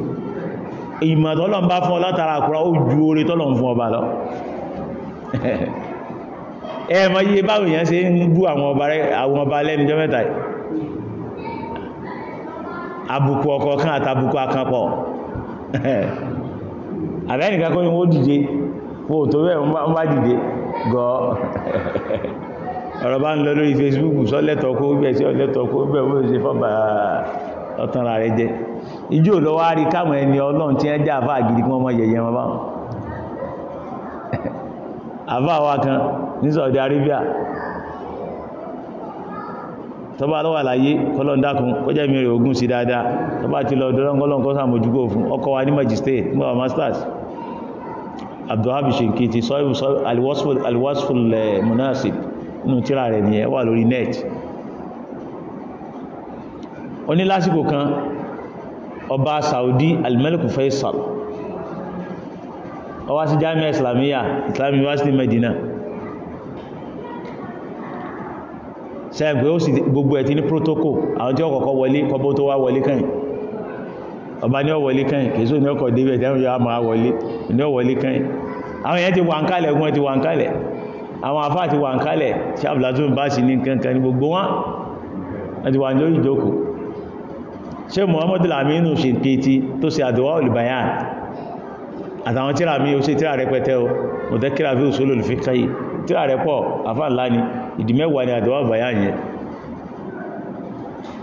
ìmọ̀ tọ́lọ̀ ń bá fún ọ látara Kùránì ó ju oore tọ́lọ̀ ń fún ọba lọ ẹ̀ẹ̀mọ̀ iye báwọn èèyàn ṣe ń bú àwọn ọba lẹ́nu jọ yìí àbùkù ọ̀kọ̀ọ̀kan àtàbùkù àkànpọ̀ àbẹ́nìkan kó ní wọ́n dìde wọ́n tó bẹ́ẹ̀ wọ́n bá dìde gọ́ ọ̀rọ̀ bá ń lọ lórí Facebook sọ́lẹ́tọ̀ kó bẹ́ẹ̀ sí ọ̀lẹ́tọ̀ kó bẹ́ẹ̀ wọ́n ṣe fọ́bà ọ̀tànra rẹ̀ jẹ́ ijó lọ wá rí káwọn ẹni ọlọ́run tí ẹjẹ́ àfá àgìdì kí wọ́n wọn wa kan tọba lọ́wà láyé kọlọ́ndákun kọjá mi rẹ̀ ogun sí dáadáa tọba ti lọ dọ́lọ́ngọ́lọ́n kọ́sà mojúgbò fún ọkọ̀ wa ní magistrate nígbà masters abdulhabi shinkiti alwasful eh, munasib nínú tíra rẹ̀ ni ẹ wà lórí net ó ní lásìkò kan ọba saudi almeliku faisal ó wá sí jami'a islamiyya islamic university medina sẹ́gbẹ̀ ó sì gbogbo ẹ̀ ti ní protocol àwọn tí ó kọ̀kọ́ wọlé kọbó tó wá wọlé kẹ́yìn ọba ní ó wọlé kẹ́yìn kìí só ní ọkọ̀ david ẹ̀rùn yóò máa wọlé ní ó wọlé kẹ́yìn àwọn èèyàn ti wà ń kálẹ̀ gún ẹ ti wà ń kálẹ̀ àwọn afá ti wà ń kálẹ̀ tí abdulazun bá sì ní kankan ní gbogbo wọn wọn ti wà ní ìjókòó ṣé muhammadu laminu ṣe kéti tó ṣe àdúwà olùbáyàn àtàwọn tíra mi ó ṣe tíra rẹpẹtẹ o mọ̀tẹ́kíra fi òṣòlò lè fi káyì tíra rẹ pọ̀ àfáàlá ni ìdí mẹ́wàá ni àdọ́wà bàyá yẹn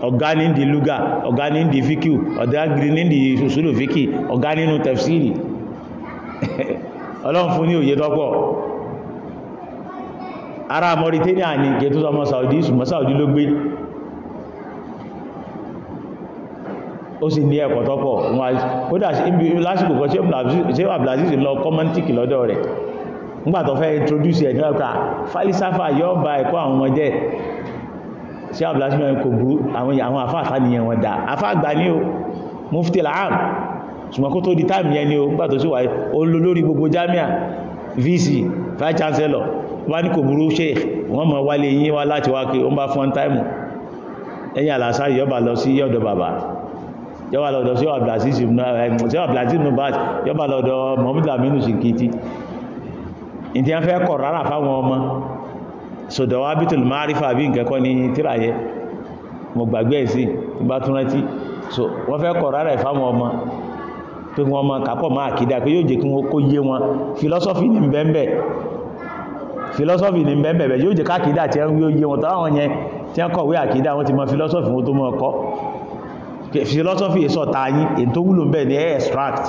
ọ̀gá ní di lúgà ọ̀gá ní di fíkíù ọ̀dá gírí ní di òṣòlò fíkì ọ̀gá nínú tafsiri ọlọ́run fún ní òye tọ́pọ̀ ara Mauritania ni kẹtù ọmọ Saudi ṣùgbọ́n Saudi ló gbé ó sì ní ẹ̀kọ́ tọ́pọ̀ kódà lásìkò kan ṣé abdulaziz lọ kọ́mọ́ntìkì lọ́dọ̀ rẹ̀ nígbà tó fẹ́ introduce ẹ̀dọ́ ọ̀ta ah, falisafa yọ́ ba ẹ̀kọ́ àwọn ọmọ jẹ́ ṣé abdulaziz mẹ́rin kò burú àwọn afá àtàníyàn wọn dà afá àgbà ní o mufti laham ṣùgbọ́n kó tó di táàmì yẹn ni o nígbà tó sì wáyé ó gbogbo jamia vc vice chancellor wá ní kò burú sheikh wọ́n mọ̀ wálé yín wá láti wá kí ó ń bá fún ọ́n táìmù ẹ̀yìn àlàsá yọba lọ sí yọ̀dọ̀ bàbá yọ́bà lọ́dọ̀ sí ọ̀bláṣíṣì mubad yọ́bà lọ́dọ̀ Muhammad Aminu Shinkiti ìdí a fẹ́ kọ̀ rárá fáwọn ọmọ sọ̀dọ̀wà bitul marifa bí nkẹ́kọ́ ní tíráyẹ mo gbàgbé sí tí bá tún rántí so wọ́n fẹ́ kọ̀ rárá fáwọn ọmọ pé wọ́n mọ kàpọ̀ máa kìdá pé yóò jẹ́ kí wọ́n kó yé wọn philosophy ní bẹ́ẹ̀bẹ̀ philosophy ní bẹ́ẹ̀bẹ̀ yóò jẹ́ káàkìdá tí wọ́n yé wọn tọ́wọ́ wọn yẹn tí wọ́n kọ̀wé àkìdá wọn ti mọ philosophy wọn tó mọ ọkọ́ philosophy sọ̀ta yín èyí tó wúlò bẹ́ẹ̀ ni extract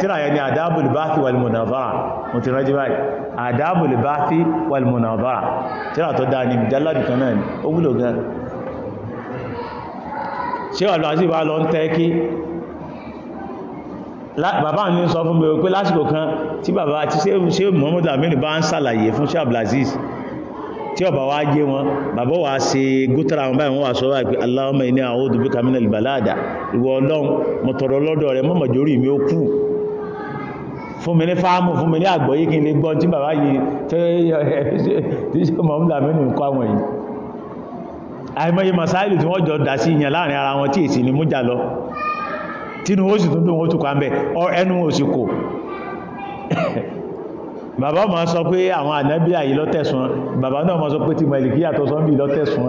tíra yẹn ni àdábò lè bá fi wà lèmọ̀nà ọ̀bára mo ti rájí báyìí àdábò lè bá fi wà lèmọ̀nà ọ̀bára tíra tó dáa ni ìjáládì kan náà ni ó wúlò gan ṣé wà lọ́wọ́ sí wà lọ ń tẹ́ kí bàbá mi sọ fún mi pé lásìkò kan tí bàbá ti ṣe Muhammadu Aminu bá ń ṣàlàyé fún Sheikh Abdulaziz tí ọba wá jẹ wọn bàbá wà ṣe gútara àwọn báyìí wọ́n wà sọ wà pé Allahumma inni a'udhu bika minal balada ìwọ ọlọ́run mo tọrọ lọ́dọ̀ rẹ mọ́mọ̀ jórí mi ó kú fún mi ní fáàmù fún mi ní àgbọ́yé kí n lè gbọ́n tí bàbá yìí tí ṣe mọ̀ ń là mẹ́nu nǹkan àwọn yìí àìmọye masáìlì tí wọ́n jọ dà sí ìyàn láàrin ara wọn tí èsì ni mújà lọ tínú ó sì tún dùn ó tún kà ń bẹ̀ ẹnu òsì kò bàbá ma sọ pé àwọn ànábí àyí lọ́tẹ̀sùn bàbá náà ma sọ pé ti mọ̀lìkíyà tó sọ́nbí lọ́tẹ̀sùn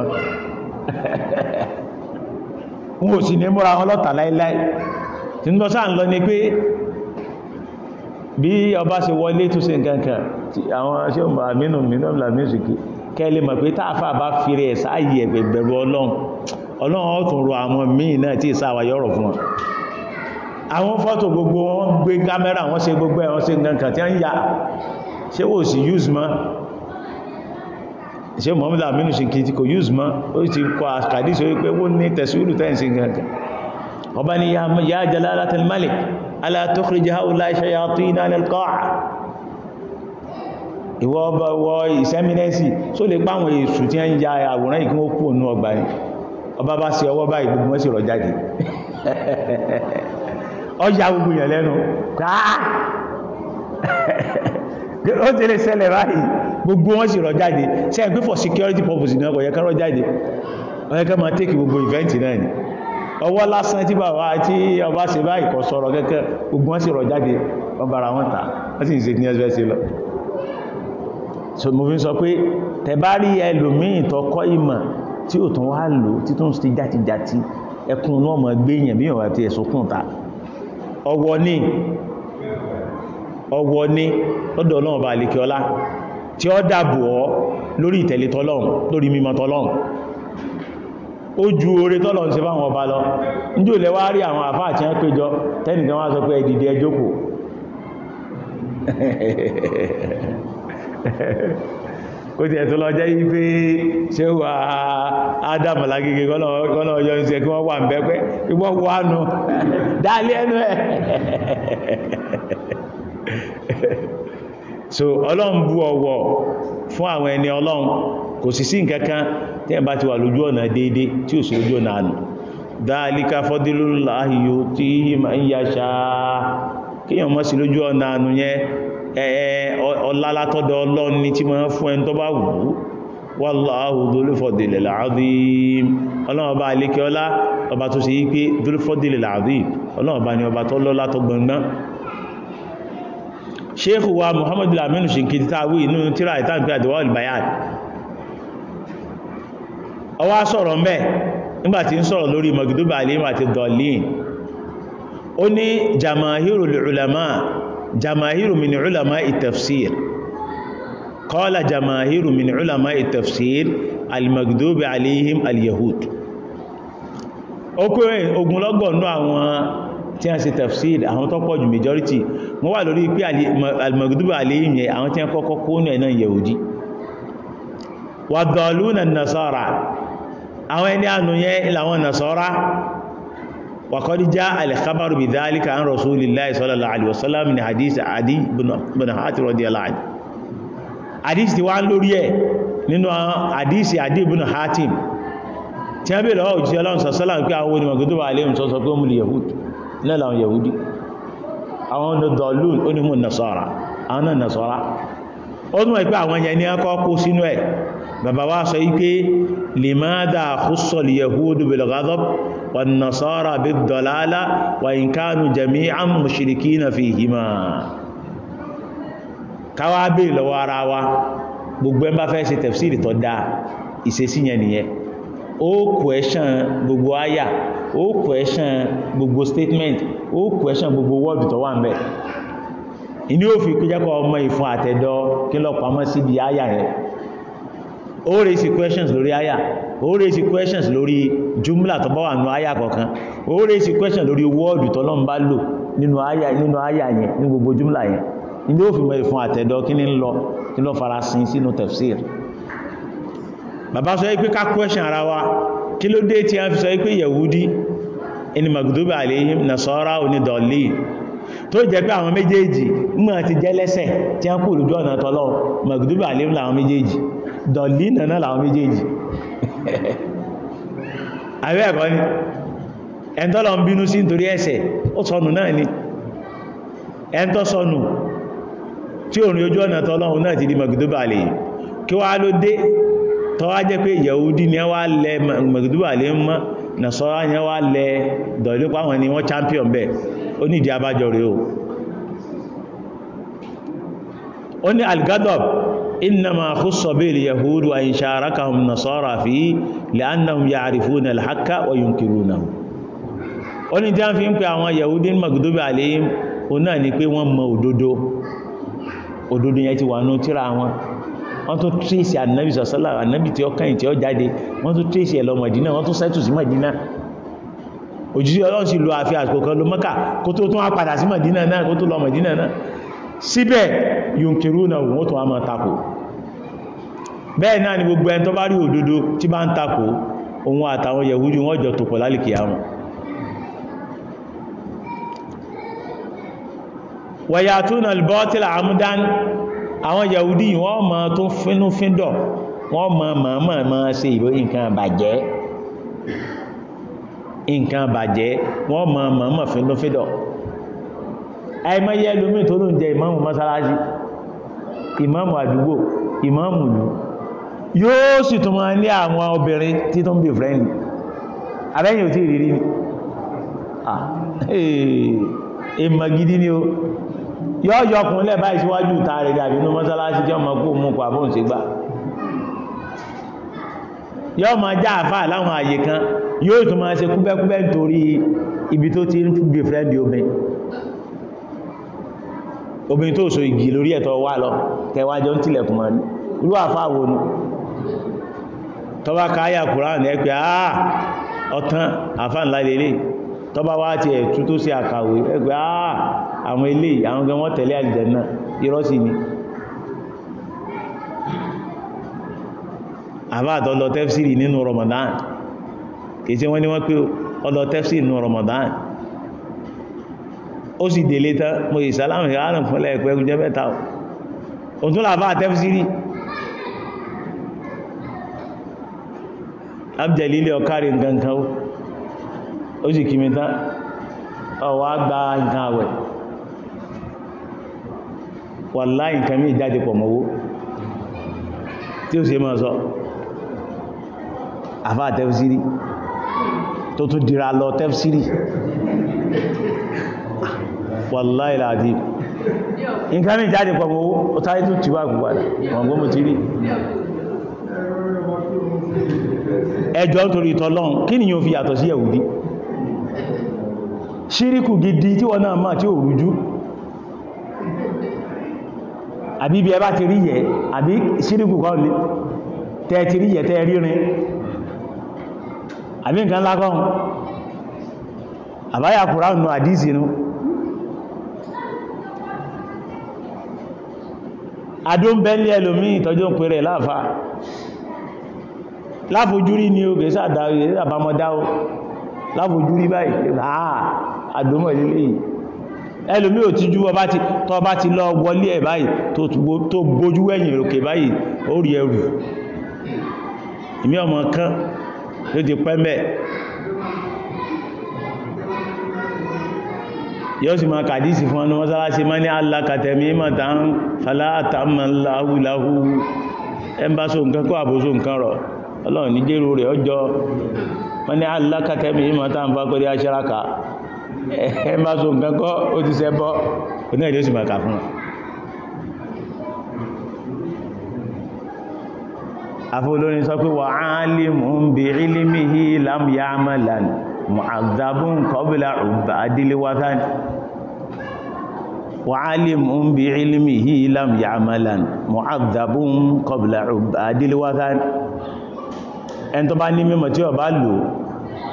wọn ò sì ní múra wọn lọ́tà láíláí tí ń lọ sáà ń lọ ni pé bí ọba ṣe wọlé tó ṣe nǹkankan tí àwọn ṣe ń bá àmínú mìíràn làmíṣìkì kẹ́lẹ̀ mọ̀ pé táàfà bá fìrẹ̀ ẹ̀ sáàyè ẹ̀gbẹ̀gbẹ̀rù ọlọ́run ọlọ́run ó tún rọ àwọn míì náà tí ìsáwà yọ̀rọ̀ fún wọn àwọn fọ́tò gbogbo wọn gbé kámẹ́rà wọn ṣe gbogbo ẹ̀ wọn ṣe nǹkan kan tí wọ́n ń ya ṣe wò sí use mọ́ ṣe mọ́mílá mínú ṣe kìí tí kò use mọ́ ó ti kọ àkàdísọ wípé wó ní tẹ̀síwìlù tẹ́ǹsì gangan ọba ni ya jalalatul malik ala tukhrij haula shayatina lil qa'a ìwọ ọba wọ ìsẹ́mínẹ́sì só lè páwọn èsù tí ń ya àwòrán ìkún ó kú ònú ọgbà ó ti lè ṣẹlẹ̀ báyìí gbogbo wọn sì rọ jáde ṣe ń pé for security purpose ní ọkọ̀ yẹ ká rọ jáde ọyẹ ká máa tèkì gbogbo event náà ni ọwọ́ lásán tí bàbá tí ọba ṣe báyìí kò sọ̀rọ̀ kẹ́kẹ́ gbogbo wọn sì rọ jáde wọn bára wọn ta wọn sì ń ṣe ní ẹsẹ̀ ṣe lọ so mo fi sọ pé tẹ bá rí ẹlòmíì tọkọ ìmọ̀ tí ò tún wá lò títún sí jàtijàti ẹkùn náà mọ̀ gbé yẹn bí yàn wá ti ẹ̀sùn kùn ta ọwọ́ ní ọwọ́ ní lọ́dọ̀ ọlọ́run bá àlèkè ọlá tí ó dàbò ọ́ lórí ìtẹ̀lé lórí mímọ̀ ó ju oore tọ́lọ́run ṣe fáwọn ọba lọ níjò lẹ wá rí àwọn àfáà tí wọ́n péjọ pé ẹ dìde ẹ so ọlọ́run bú ọwọ́ fún àwọn ẹni ọlọ́run kò sì sí nǹkankan tí ẹ bá ti wà lójú ọ̀nà déédé tí ò sí lójú ọ̀nà àlù dáalíká fọ́dílúláhì yóò tí ma ń ya ṣáá kíyàn mọ́ sí lójú ọ̀nà ànù yẹn ọlálátọ́dọ̀ ọlọ́run ni tí wọ́n fún ẹni tó bá wù ú wọ́láhù dólúfọ́dìlẹ̀ láàrín ọlọ́run ọba àlékẹ́ ọlá ọba tó ṣe yí ṣéèkù wa Muhammadu Aminu Shinkiti ta wí inú tíra ìtànkì àdíwá olùbáyàn ọwá sọ̀rọ̀ mẹ́ nígbàtí ń sọ̀rọ̀ lórí magduba alim àti dọ̀lín ó ní jamahiru ulama jamahiru min ulama itafsir qala jamahiru min ulama itafsir al-magdubi alihim al tí a ń ṣe tafsir àwọn tó pọ̀jù majority wọ́n wà lórí pé al-maghdubi alayhim yẹ àwọn tí a kọ́kọ́ kónú ẹ̀nà yẹ̀hùdí wad-dalluna nasara àwọn ẹni ànú yẹ ìlàwọn nasara wa qad jaa al-khabaru bi dhalika an ti wá lórí ẹ̀ nínú ọlọ́run sọ̀sọ́lá pé àwọn onímọ̀gídọ́wà alẹ́ ìmùsọ́sọ́ pé ó múlù yahud náà làwọn yẹ̀wúdí àwọn onídọ̀lú onímọ̀ nàṣọ́ra àwọn náà nàṣọ́ra ó mọ̀ pé àwọn yẹn ní akọ́ kó sínú ẹ̀ bàbá wa sọ wípé limada khussal yahudu bil ghadab wan nasara bid dalala wa in ó question gbogbo àyà ó question gbogbo statement ó question gbogbo word tó wà ńbẹ̀ ìní ó fi jẹ́kọ̀ ọmọ ìfún àtẹ̀dọ́ kí lọ pamọ́ síbi àyà rẹ̀ ó raise questions lórí àyà ó raise questions lori jumla tó bá wà nínú àyà kọ̀ọ̀kan ó raise questions lori word tó lọ́n bá lò nínú àyà nínú àyà yẹn ní gbogbo jùmlà yẹn ìní ó fi mọ ìfún àtẹ̀dọ́ kí ní lọ kí farasin sínú tafsir bàbá sọ wípé ká kwẹ́ṣàn ara wa kí ló dé tí a fi sọ wípé yẹ̀wúdí ẹni magdubi alayhim nasara onídọ̀lì tó jẹ́ pé àwọn méjèèjì mọ́ ti jẹ́ lẹ́sẹ̀ tí a kú olùdó ọ̀nà tọ́lọ́ magdubi alayhim làwọn méjèèjì dọ̀lì nàná làwọn méjèèjì àbẹ́ ẹ̀kọ́ ni ẹ̀ntọ́lọ̀ ń bínú sí nítorí ẹ̀ṣẹ̀ ó sọnù náà ni ẹ̀ntọ́ sọnù tí òrùn ojú ọ̀nà tọ́lọ́run náà ti di magdubi alayhim kí wá ló dé tó wá jẹ́ pé yahudi ni wá lẹ mẹ̀gùdúbà lè mọ́ nàṣọ́rá ni wá lẹ dọ̀lípa wọn ni wọ́n champion bẹ̀ ó ní ìdí abájọ rẹ̀ o ó ní algadob innama khusso bil yahud wa in sharakahum nasara fi li'annahum ya'rifuna al-haqqa wa fi lè ó náà ni pé wọ́n mọ òdodo wọ́n tún tírèsì ànábì sọ̀sọ́là ànábì tí ó kàn tí ó jáde wọ́n tún tírèsì ẹ̀ lọ mọ̀dínà wọ́n tún sẹ́tù sí mọ̀dínà òjìṣẹ́ ọlọ́run sì lo àfi àsìkò kan ló mọ́kà kó tó tún apàdà sí mọ̀dínà náà kó tó lọ mọ̀dínà náà síbẹ̀ yunkiru náà wọ́n tún wá máa takò bẹ́ẹ̀ náà ni gbogbo ẹni tó bá rí òdodo tí bá ń takò òun àtàwọn yẹ̀wújú wọ́n jọ tòpọ̀ lálìkì àwọn wàyàtúnà albọ́tílà àmúdán àwọn yahudi wọ́n mọ̀ tó fínú fíndọ̀ wọ́n mọ̀ mọ̀mọ̀ mọ̀ ṣe ìró nǹkan bàjẹ́ nǹkan bàjẹ́ wọ́n mọ̀ mọ̀mọ̀ fínú fíndọ̀ àìmọye ẹlòmíì tó ló ń jẹ ìmáàmù mọ́sálásí ìmáàmù àdúgbò ìmáàmù ìlú yóò sì tún máa ní àwọn obìnrin tí tó ń bè fẹ́ǹdì abẹ́yìn ò tí ìrírí ni ìmọ̀ gidi ni o yọ yọkùn lẹ̀ báyìí síwájú ìta rẹ̀ dàbí inú mọ́sálásí tí ọmọ kó mú kọ àbóhùn sí gbà yọ ma já àfà láwọn àyè kan yóò tún máa ṣe kúbẹ́kúbẹ́ nítorí ibi tó ti ń gbè fẹ́ndì obìnrin obìnrin tó so igi lórí ẹ̀tọ́ wà lọ tẹwàjọ ń tilẹ̀kùn mọ́ ní irú àfà wo ni tọba káyà kùránì ẹ pé àà ọ̀tán àfà ńlá lélẹ̀ tọba wá ti ẹ̀tú tó ṣe àkàwé ẹ pé àwọn ilé àwọn gan wọ́n tẹ̀lé àlìjẹ̀nà irọ́ ni àbá àtọ́lọ tẹ́fsìrì nínú Ramadan kìí sí wọ́n ni wọ́n pé ọlọ tẹ́fsìrì nínú Ramadan ó sì délé tán mo ìsàlámù O ọwọ́ nǹkan àwẹ̀ wà láì nǹkan mí ìjáde pọ̀ mọ́wó tí ó sì mọ́ sọ àfá tẹ́fsìrí tó tún dìra lọ tẹ́fsìrí wà láì láti nǹkan mí ìjáde pọ̀ mọ́wó ó táyé tó ti wà gbùgbàdà wọ́n gbọ́mọ̀ ti rí ẹjọ́ torí tọ́lọ́run kí ni yóò ṣíríkù gidi tí wọ́n náà máa tí ò rújú àbí ibi ẹbá ti rí yẹ àbí ṣíríkù kọ́ lè tẹ́ ti rí yẹ tẹ́ rírin àbí nǹkan lákọ́n àbáyà kùránù àdísì nú adó ń bẹ́lẹ̀ ẹlòmí ìtọ́jú ń pèrè láàfá láfojúrí ni o gẹ̀ẹ́sà àbámọ́dá o láfojúrí báyìí àà àdómọ̀ ilé yìí ẹlòmí ò tijú tó bá ti lọ wọlé ẹ̀ báyìí tó gbójú ẹ̀yìn ìròkè báyìí ó rí ẹrù ìmí ọmọ kan ló ti pẹ́ mẹ́ yóò sì máa kàdísì fún ọdún mọ́sálásí mọ́ ní alákàtẹ̀mí mọ̀ta ń faláàtà mọ́ láhúláhú ẹmbá so nǹkan kó àbóso nǹkan rọ̀ ẹ bá so nǹkan kọ́ ó ti ṣẹbọ́ oní ẹ̀lẹ́ òsì màkà fún afọ́lórin sọ pé wà áálìmùn bí ilmihi lam ya'malan mu'azzabun qabla ubadil wathan wà áálìmùn bí ilmihi lam ya'malan mu'azzabun qabla ubadil wathan ẹn tó bá ní mímọ̀ tí ó bá lò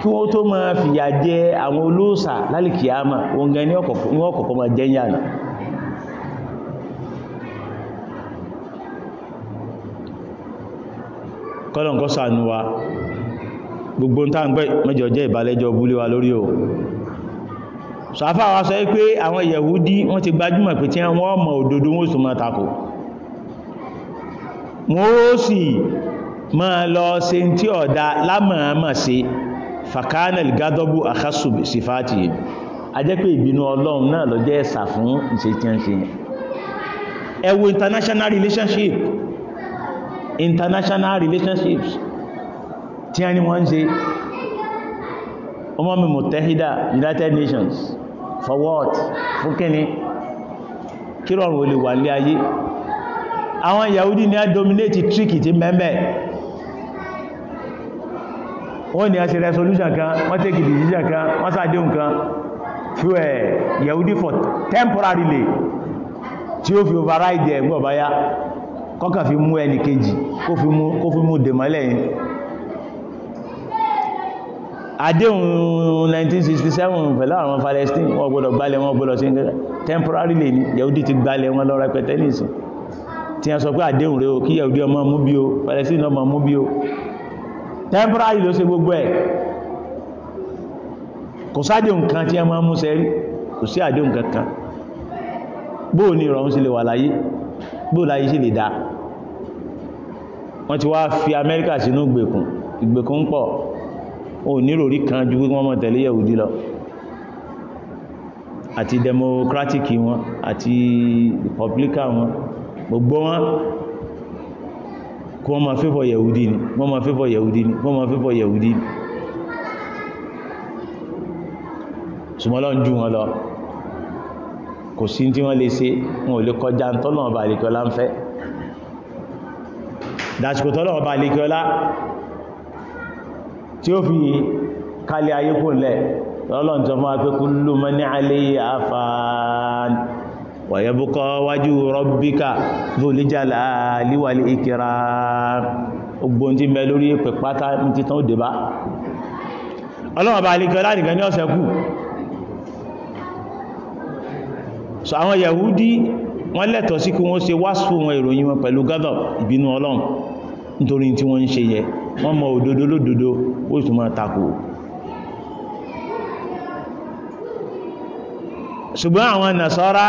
kí wọ́n tó máa fìyà jẹ àwọn olóòsà lálìkìyàmà wọn gan ní ọ̀kọ̀kọ̀ máa jẹ́ yànà kọ́lọ̀nkọ́ sànú wa gbogbo ń tàbí mẹ́jọ jẹ́ ìbálẹ́jọ búlé wa lórí o sàfà wa sọ pé àwọn Yẹ̀húdí wọ́n ti gbajúmọ̀ pé tí wọ́n mọ̀ òdodo wọ́n sì máa takò wọ́n sì máa lọ ṣe tí ọ̀dá lámàámà ṣe fàkánà gádọ́bù àkásù sífàtì a jẹ́ pé ìbínú ọlọ́run náà lọ jẹ́ ẹ̀sà fún ìṣẹ́tíẹ̀ṣẹ́ ẹ international relationship international relationships tí a ní wọ́n ń ṣe ọmọ mi mọ̀tẹ́hídà United Nations for what fún kíni kí rọrùn olè wà lé ayé àwọn Yahudi ni a dominate trick ti mẹ́mẹ́ wọ́n ni a ṣe resolution kan wọ́n tẹ́kì decision kan wọ́n sàdéhùn kan fuel eh, yẹ̀údí for temporarily tí ó fi override ẹ̀ gbọ́ báyá kọ́kàn fi mú ẹnì kejì kó fi mú dèmọ́lẹ̀ yìí àdéhùn 1967 pẹ̀lú àwọn Palestine wọ́n gbọ́dọ̀ gbalẹ̀ wọ́n gbọ́dọ̀ sí temporarily ni yẹ̀údí ti gbalẹ̀ wọn lọ rẹpẹtẹ nìsìn tí a sọ pé àdéhùn rẹ̀ o kí yẹ̀údí ọmọ mú bí o Palestine ọmọ mú bí o temporary ló ṣe gbogbo ẹ̀ kò sáàdé nǹkan tí ẹ máa mú sẹ́rí kò sí àdé nǹkan kan bóò ní ìrọ̀rùn sí lè wà láyé bóò láyé sí lè dá wọ́n ti wá fi Amẹ́ríkà sínú ìgbèkùn ìgbèkùn pọ̀ o níròrí kan ju pé wọ́n mọ̀ tẹ̀lé Yẹ̀húdí lọ àti democratic wọn àti republican wọn gbogbo wọn kí ma fẹ́fọ́ yẹ̀húdí ni wọ́n ma fẹ́fọ́ yẹ̀húdí ni wọ́n ma fẹ́fọ́ yẹ̀húdí ni ṣùgbọ́n jù wọn lọ kò sí tí wọ́n lè ṣe wọn ò lè kọjá tọ́lọ̀wọ̀n bá àlekọ́lá ń fẹ́ dàṣìkò tọ́lọ̀wọ̀n bá àlekọ́lá tí ó fi kalẹ̀ ayé kò lẹ̀ lọ́lọ́n tó máa wàyẹ́bùkọ́ wájú rọ́bíkà ló níjàlá líwàlé ìkìrà ogbò tí mẹ lórí pẹ̀ pátá ní títán òdè bá ọlọ́wọ̀n bá alìkọ́ láàrínkà ní ọ̀sẹ̀ kù so àwọn yahudi wọ́n lẹ́tọ̀ sí kí wọ́n ṣe wásù wọn ìròyìn wọn pẹ̀lú gádọ̀ ìbínú ọlọ́run ṣùgbọ́n àwọn nasọ́ra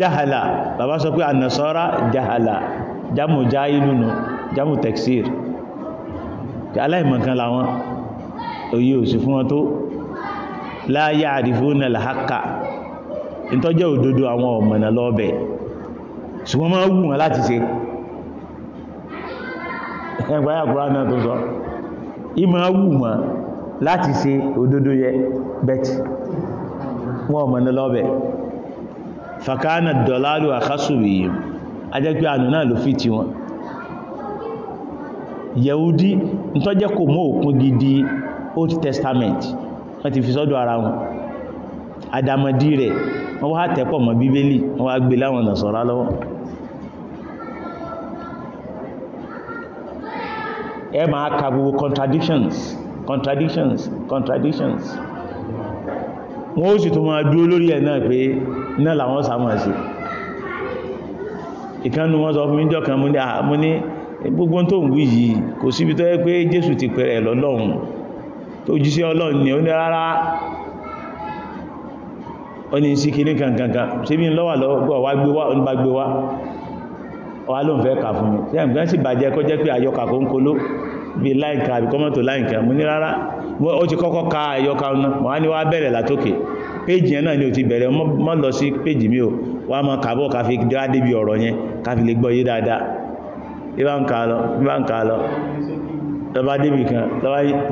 jahala bàbá sọ pé ànasọ́ra jahala jámù jáìlúnu jámù tẹ̀ksír aláìmọ̀kan làwọn òye òsì fún wọn tó la ya'rifuna al-haqqa ìtọ́jẹ́ òdodo àwọn ọ̀mọ̀nà lọ́ọ̀bẹ̀ ṣùgbọ́n máa wù wọn láti ṣe ẹgbàáyà kúrò náà tó sọ ìmọ̀ wù wọn láti ṣe òdodo yẹ bẹ́tì wọn ọmọ ní lọ́bẹ̀ fàkánà dọ̀lálù àkásùwì yìí a jẹ́ pé ànù náà ló fi ti wọn yẹ̀údí nítọ́jẹ́ kò mọ́ òkun gidi old testament wọ́n ti fi sọ́dọ̀ ara wọn àdàmọ̀dí rẹ̀ wọ́n wá tẹ́pọ̀ mọ́ bíbélì wọ́n wá gbé láwọn nàṣọ́rá lọ́wọ́ ẹ máa ka gbogbo contradictions contradictions contradictions wọ́n ó sì tó máa dúó lórí ẹ̀ náà pé náà làwọn sàmà sí ìkánu wọn sọ fún ìjọ kan mú ní gbogbo tó ń wí yìí kò síbi tó yẹ pé Jésù ti pẹ̀rẹ̀ lọ́lọ́run tó jíṣẹ́ Ọlọ́run ni ó ní rárá ó ní sí kìíní kankankan ṣe bí lọ́wà lọ́wọ́ wá gbé wá ó ń ní rárá o ti kọ́kọ́ ka ẹyọkan náà wọ́n á ní wá bẹ̀rẹ̀ látókè péjì yẹn náà ni o ti bẹ̀rẹ̀ mọ́ lọ sí péjì mi o wá mọ́ kàbọ̀ ká fi dá débi ọ̀rọ̀ yẹn ká fi lè gbọ́ yé dáadáa ibá ń ka lọ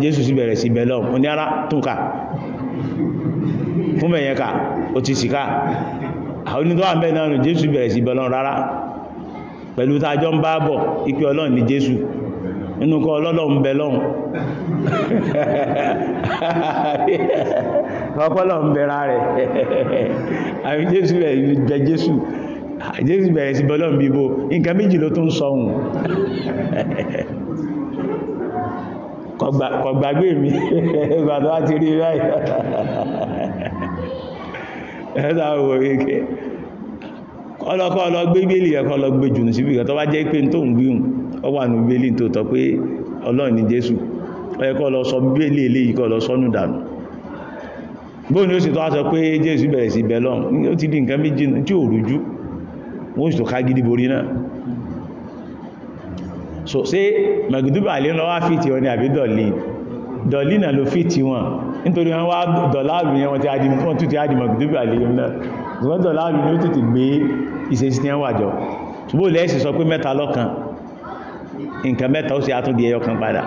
Jésù sì bẹ̀rẹ̀ sí bẹ̀lọ́ tún fún bẹ̀yẹn ti sì àwọn Jésù bẹ̀rẹ̀ sí bẹ̀lọ́ rárá pẹ̀lú bọ̀ Ọlọ́run ni Jésù inú kọ́ ọlọ́lọ́ ń bẹ lọ́hùn ọpọlọ ń bẹ̀rẹ̀ rẹ̀ àbí jésù bẹ̀ jésù jésù bẹ̀rẹ̀ sí bọ́lọ́ ń bíbó nǹkan méjì ló tún sọ ohun kọ̀gbàgbé mi ìgbàtọ́ àti rí ráì ẹ̀ẹ́sà wò ike ọlọ́kọ́ ọlọ́gbé bílì ẹ̀kọ́ ọlọ́gbé jùnú síbí ìgbàtọ́ bá jẹ́ pé tó ń gbíhùn ó wà ní bíbélì tó tọ́ pé ọlọ́run ni jésù ẹ̀kọ́ lọ sọ bíbélì eléyìí kọ́ lọ sọ́nù dànù bóò ni ó sì tọ́ sọ pé jésù bẹ̀rẹ̀ sí bẹ̀ lọ́n ó ti di nǹkan méjì tí ò rújú wọ́n sì tó ká gidi borí náà so ṣe mẹ̀gùdúbà lè lọ wá fìtì wọn ni àbí dọ̀lì dọ̀lì náà ló fìtì wọn nítorí wọn wá dọ̀láàbì yẹn wọn ti adi wọn tún ti adi mẹ̀gùdúbà lè yẹn náà ṣùgbọ́n dọ̀láàbì ni ó tètè gbé ìṣesí ní wàjọ ṣùgbọ́n lẹ́sì sọ pé mẹ́ta lọ́kan nǹkan mẹ́ta ó sì àtúndì ẹyọ kan padà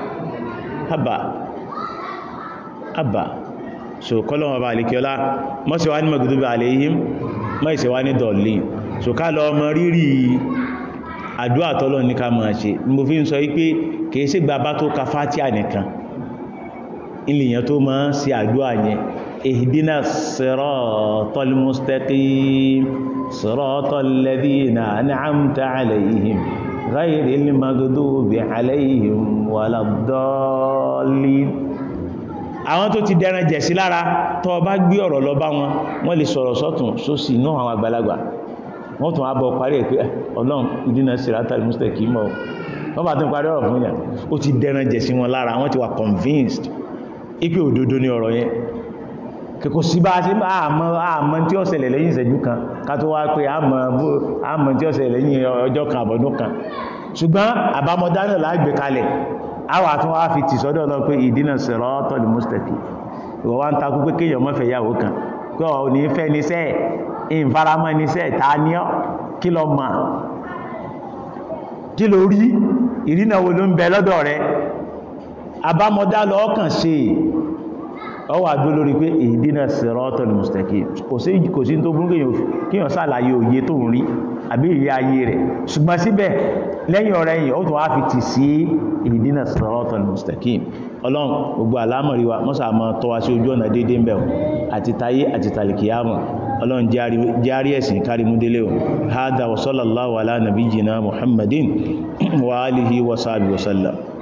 àbà àbà so kọ́lọ̀wọ̀n bá alékiọlá mọ́sí wá ní mọ̀gúdúbí aléyìn mọ́sí wá ní dọ̀lì so ká lọ ọmọ rírì àdúrà tọ́lọ̀ ní ká máa ṣe mo fi ń sọ wípé kìí sí gbàbá tó ka fátíà nìkan ilìyàn tó máa ń ṣe àdúrà yẹn ihdina siratal mustaqim siratal ladhina an'amta alayhim غير المغضوب عليهم ولا الضالين àwọn tó ti dẹran jẹ̀sí lára tó bá gbé ọ̀rọ̀ lọ bá wọn wọ́n lè sọ̀rọ̀ sọ́tún sósì inú àwọn àgbàlagbà wọ́n tún abọ̀ parí ẹ̀ pé eh, ọlọ́run ìdínà sírátàlì mustẹ̀ kìí mọ̀ wọ́n bá tún parí ọ̀rọ̀ fún yà ó ti dẹran jẹ̀sí wọn lára wọ́n ti wà convinced ipé òdodo ni ọ̀rọ̀ yẹn kò sí bá ṣe àmọ́ àmọ́ tí ó ṣẹlẹ̀ lẹ́yìn ìṣẹ́jú kan ká tó wá pé àmọ́ tí ó ṣẹlẹ̀ lẹ́yìn ọjọ́ kan àbọ̀dún kan ṣùgbọ́n àbámọ̀dá náà láàgbé kalẹ̀ àwà tó wá fi tì sọ́dọ̀ lọ pé ìdínà siratal mustaqim ìwọ wá ń takú pé ọwà dúró lórí pé ìdínà siratal mustaqim kò sí tó burú kíyàn sàlàyé òye tó ń rí àbí ìyá ayé rẹ̀ ṣùgbọ́n síbẹ̀ lẹ́yìn ọ̀rẹ́ yìí ó tó wá fi tì sí ìdínà siratal mustaqim ọlọ́run gbogbo àlámọ̀rí wa mọ́sà mọ́ tọ́ wa sí ojú ọ̀nà dédé ń bẹ̀rù àti tayé àti tàlìkìyàmọ̀ ọlọ́run járí ẹ̀sìn kárimú délé o hádà wa sallallahu ala nabiyyina muhammadin wa alihi wa sahbihi wa sallam